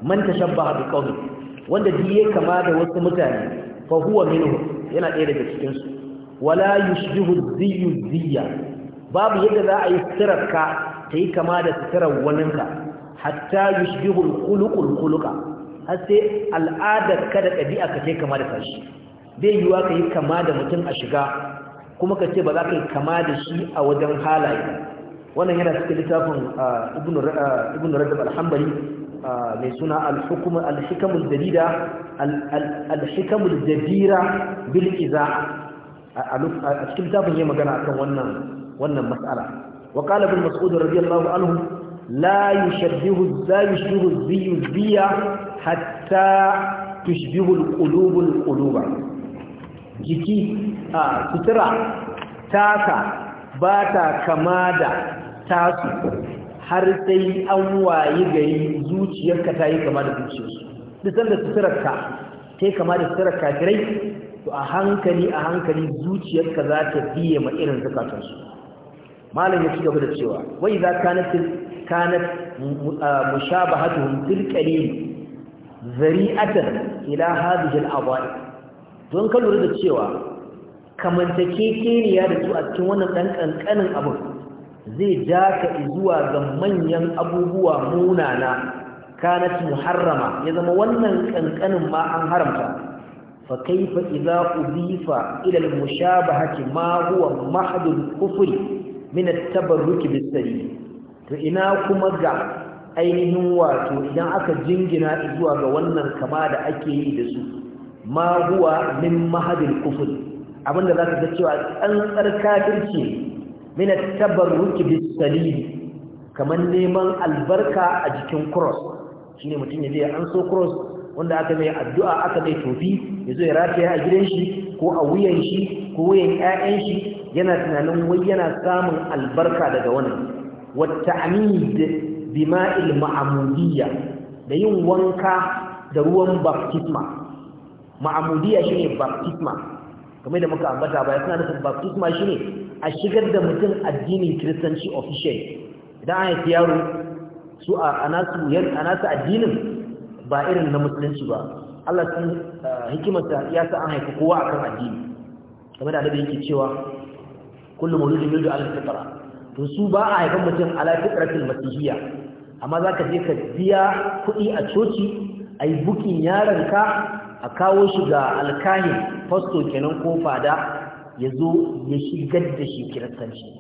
man tashabbaha bi qaumi wanda diye kama da wasu mutane fa huwa minhu yana ɗaya daga cikin su wala yushbihu ziyyu ziyya babu yadda za a yi sitarka ta yi kama da sitarar waninka hatta yushbihu alquluqul har sai al'adar ka da ɗabi'a ka kama da tashi bai yiwa ka yi kama da mutum a shiga kuma ka ce ba za ka yi kama da shi a wajen halaye wannan yana cikin littafin ibn rajab al-hanbali mai suna al-hukum al-hikamul bil iza a cikin littafin yayin magana akan wannan wannan mas'ala wa qala ibn mas'ud radiyallahu anhu la yushabbihu la yushabbihu dhiyu dhiya hatta tushbihu al-qulub al-quluba jiki a sutura taka ba ta kama da tasu har sai an wayi gari zuciyarka ta yi kama da zuciyarsu duk sanda suturarka ta yi kama da suturar kafirai to a hankali a hankali zuciyarka za ta biye ma irin zukatansu malam ya ci gaba da cewa wai za kanat kanat mushabahatuhum tilqalil zari'atar ila hadhihi al don ka lura da cewa kamantakekeniya da su a cikin wannan ɗan ƙanƙanin abin zai ja ka zuwa ga manyan abubuwa munana kanat muharrama ya zama wannan ƙanƙanin ma an haramta fa kaifa idza udifa ila al-mushabahati ma huwa mahdud kufr min at-tabarruk bis-sari to ina kuma ga ainihin wato idan aka jingina zuwa ga wannan kama da ake yi da su ma huwa min mahadil kufr abinda ka ga cewa an tsarkakirci min at-tabarruk bis salib kaman neman albarka a jikin cross shine mutum ya je an so cross wanda aka mai addu'a aka mai tofi yazo ya rataya a gidan shi ko a wuyan shi ko wuyan ƴaƴan shi yana tunanin wai yana samun albarka daga wannan wa ta'mid bima'il ma'amudiyya da yin wanka da ruwan baptisma ma'amudiya shine baptisma kamar da muka ambata baya suna nufin baptisma shine a shigar da mutum addinin kiristanci official idan an yi yaro su a nasu addinin ba irin na musulunci ba Allah sun eh, hikimarsa ya sa an haifi kowa akan addini kamar da annabi yake cewa kullum mauludin yudu ala fitra to su ba a haifan mutum ala fitratil masihiyya amma zaka je ka biya kuɗi a coci ai bukin yaranka a kawo shi ga alkahi fasto kenan ko fada ya zo ya shigar da shi shi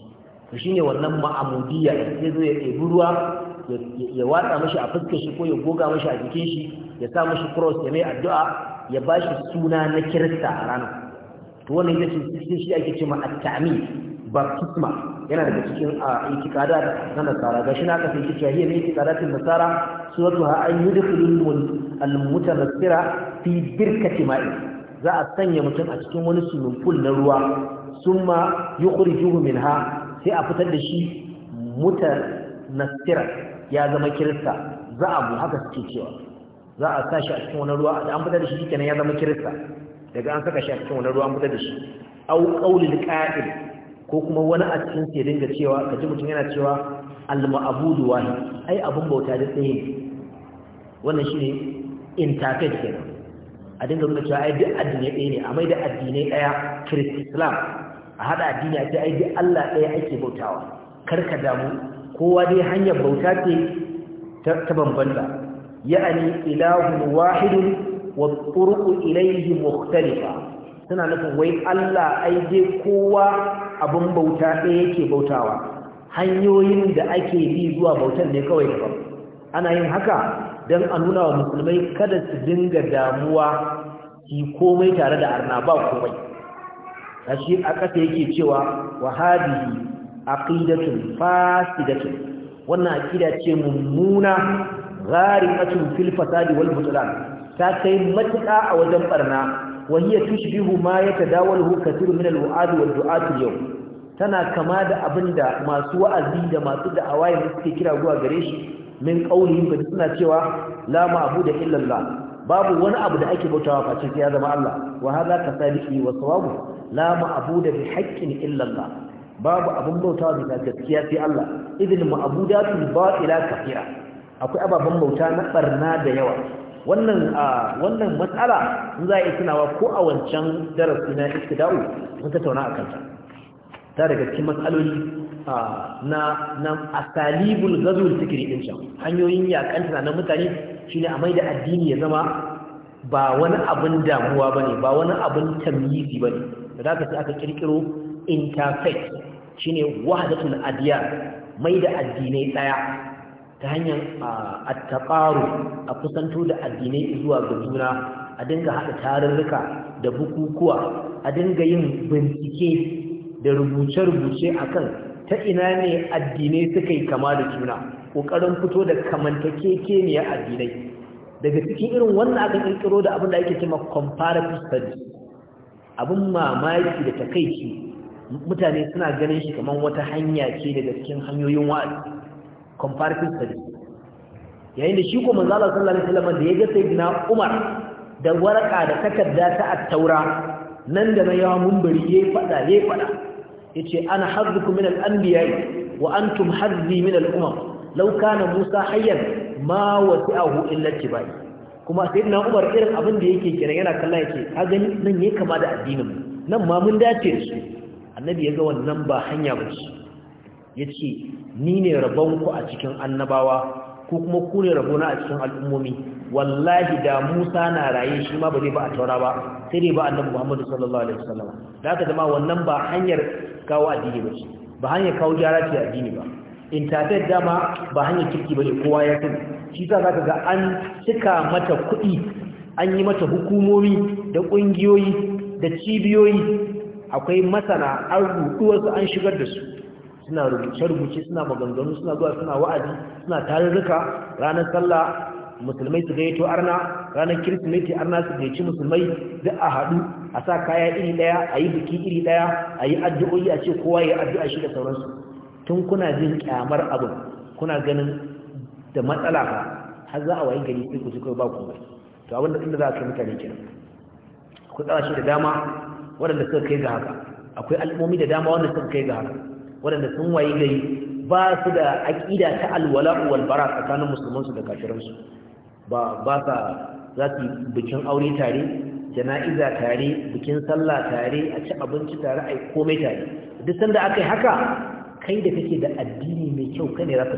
to shi ne wannan ma'amudiyya ya zo ya ɗebi ruwa ya watsa mashi a fuskar shi ko ya goga mashi a jikin shi ya sa mashi cross ya mai addu'a ya ba shi suna na kirista a ranar to wannan ita ce shi ake ce ma at baptisma yana daga cikin itikada na nasara gashi na aka sai kici ne itikadatin nasara suratu ha an yudkhilul almutarassira fi birkati ma'i za a sanya mutum a cikin wani swimming pool na ruwa summa yukhrijuhu minha sai a fitar da shi mutarassira ya zama kirista za a bu haka suke cewa za a sa shi a cikin wani ruwa da an fitar da shi kenan ya zama kirista daga an saka shi a cikin wani ruwa an fitar da shi au qaulil qa'il ko kuma wani a cikin sai dinga cewa kaji mutum yana cewa al-ma'budu wahid ai abun bauta da tsaye wannan shine interfaith nan a dinga nuna cewa ai duk addinai ɗaya ne a mai da addinai ɗaya kirist islam a haɗa addini a ce ai duk allah ɗaya ake bautawa kar ka damu kowa dai hanyar bauta ce ta bambanta ya'ani ilahun wahidun wa turku ilaihi mukhtalifa suna nufin wai allah ai dai kowa abin bauta ɗaya yake bautawa hanyoyin da ake bi zuwa bautan ne kawai daban ana yin haka don a nuna wa musulmai kada su dinga damuwa yi komai tare da arna ba komai a shi a ƙasa yake cewa wahadihi aqidatun fasidatun wannan aqida ce mummuna ghariqatun fil fasadi wal butlan ta kai matuƙa a wajen barna ta تشبه ما min al من wal والدعاة yau? tana kama da abinda masu wa'azi da masu da'awa yanzu suke kira zuwa gare shi min qaulihim bani suna cewa la ma'budu illa Allah babu wani abu da ake bautawa face sai ya zama Allah wa hadha kasaliki wa sawabu la ma'budu bi haqqin illa Allah babu abun bautawa da gaskiya sai Allah idil ma'budatu batila kafira akwai ababen bauta na barna da yawa wannan wannan matsala in za a yi tunawa ko a wancan darasi na iktida'u mun tattauna akan ta ta daga cikin matsaloli na na asalibul ghazwul fikri din can hanyoyin yakan na mutane shine a da addini ya zama ba wani abin damuwa bane ba wani abin tamyizi bane da zaka sai aka kirkiro interfaith shine wahdatul mai da addinai daya ta hanyar at-taqaru a kusanto da addinai zuwa ga juna a dinga haɗa tarurruka da bukukuwa a dinga yin bincike da rubuce-rubuce akan ta ina ne addinai suka yi kama da juna ƙoƙarin fito da ne addinai daga cikin irin wannan aka ƙirƙiro da abin da ake cima comparative studies abin mamaki da takaici mutane suna ganin shi kamar wata hanya ce daga cikin hanyoyin wa'azi comparative studies yayin da shi ko manzo Allah sallallahu alaihi wasallam da ya ga sayyidina Umar da waraka da takarda ta at-taura nan da na yawa mun bari yayi fada yayi fada yace ana hazzukum min al-anbiya wa antum hazzi min al-umam law kana musa hayyan ma wasi'ahu illa tibai kuma sayyidina umar irin abin da yake kenan yana kalla yace ka gani nan yake kama da addinin mu nan ma mun dace su annabi ga wannan ba hanya ba ce yace ni ne rabon ku a cikin annabawa ko kuma ku ne rabona a cikin al'ummomi wallahi da Musa na raye shi ma ba zai ba a taura ba sai dai ba annabi Muhammad sallallahu alaihi wasallam da ka jama'a wannan ba hanyar kawo addini ba ce ba hanyar kawo gyara ce addini ba ta dama ba hanyar kirki ba ne kowa ya san shi sa zaka ga an cika mata kuɗi an yi mata hukumomi da ƙungiyoyi da cibiyoyi akwai masana an su an shigar da su suna rubuce-rubuce suna maganganu suna zuwa suna wa'azi suna tarurruka ranar sallah musulmai su gayyato arna ranar kirsimeti arna su gayyaci musulmai duk a haɗu a sa kaya iri ɗaya a yi biki iri ɗaya a yi addu'o'i a ce kowa ya addu'a shi da sauransu tun kuna jin kyamar abin kuna ganin da matsala ba har za a wayi gari sai ku ji kai ba ku to abin da inda za ka mutane kenan akwai shi da dama waɗanda suka kai ga haka akwai al'ummomi da dama waɗanda suka kai ga haka waɗanda sun wayi gari ba su da aƙida ta alwala wal bara tsakanin musulmansu da kafiransu ba ba sa za su bikin aure tare jana'iza tare bikin sallah tare a ci abinci tare a komai tare duk sanda aka yi haka kai da kake da addini mai kyau kai ne za ka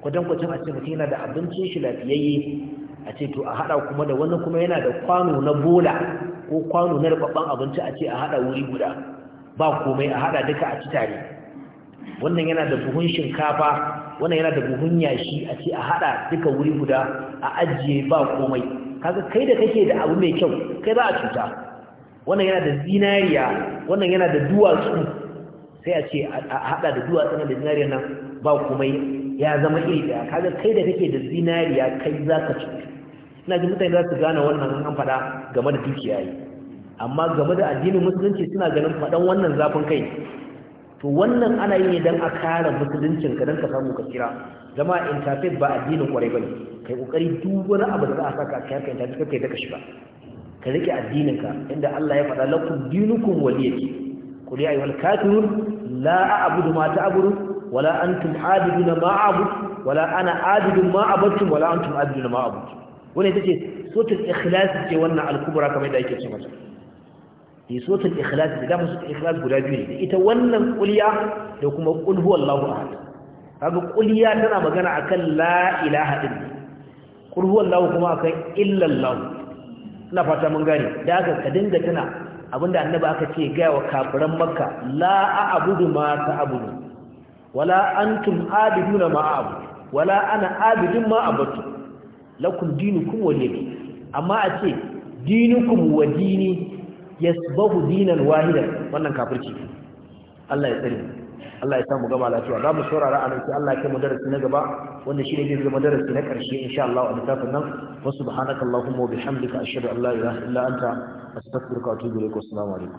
kwadon kwacin a ce mutum yana da abincin shi lafiyayye a ce to a haɗa kuma da wani kuma yana da kwano na bola ko kwano na rababban abinci a ce a haɗa wuri guda ba komai a haɗa duka a ci tare wannan yana da buhun shinkafa wannan yana da buhun yashi a ce a hada duka wuri guda a ajiye ba komai kaga kai da kake da abu mai kyau kai ba a cuta wannan yana da zinariya wannan yana da duwatsu sai a ce a hada da duwatsu da zinariya nan ba komai ya zama iri daya kaga kai da kake da zinariya kai za ka cuta ina ji mutane za su gane wannan an faɗa game da dukiya yi amma game da addinin musulunci suna ganin faɗan wannan zafin kai to wannan ana yi don a kara musuluncin ka don ka samu ka kira zama intafet ba addinin kwarai bane kai kokari duk wani abu da za a saka kai ka intafet kai da ka shiga ka rike addinin ka inda Allah ya faɗa lakum dinukum waliyati qul ya ayyuhal kafirun la a'budu ma ta'budun wala antum abiduna ma a'bud wala ana abidun ma abadtum wala antum abiduna ma abud wannan ita ce sotul ikhlas ce wannan al-kubra kamar da yake ce mata da sotul ikhlas da dama sotul ikhlas guda biyu ne da ita wannan kulya da kuma qul huwallahu ahad kaga tana magana akan la ilaha ne. qul huwallahu kuma akan illallah ina fata mun gane da haka ka dinga tana abinda annaba aka ce ga wa kafiran makka la a'budu ma ta'budu wala antum abiduna ma abu. wala ana abidun ma abatu lakum wani ne. amma a ce dinukum wa dini yasbahu dinan wahida wannan kafirci Allah ya tsare Allah ya samu gama lafiya za mu saurara a nan sai Allah ya kai mu darasi na gaba wanda shi ne zai zama darasi na ƙarshe insha Allah a littafin nan wa subhanakallahumma wa bihamdika ashhadu an la ilaha illa anta astaghfiruka wa atubu ilaik wa assalamu alaikum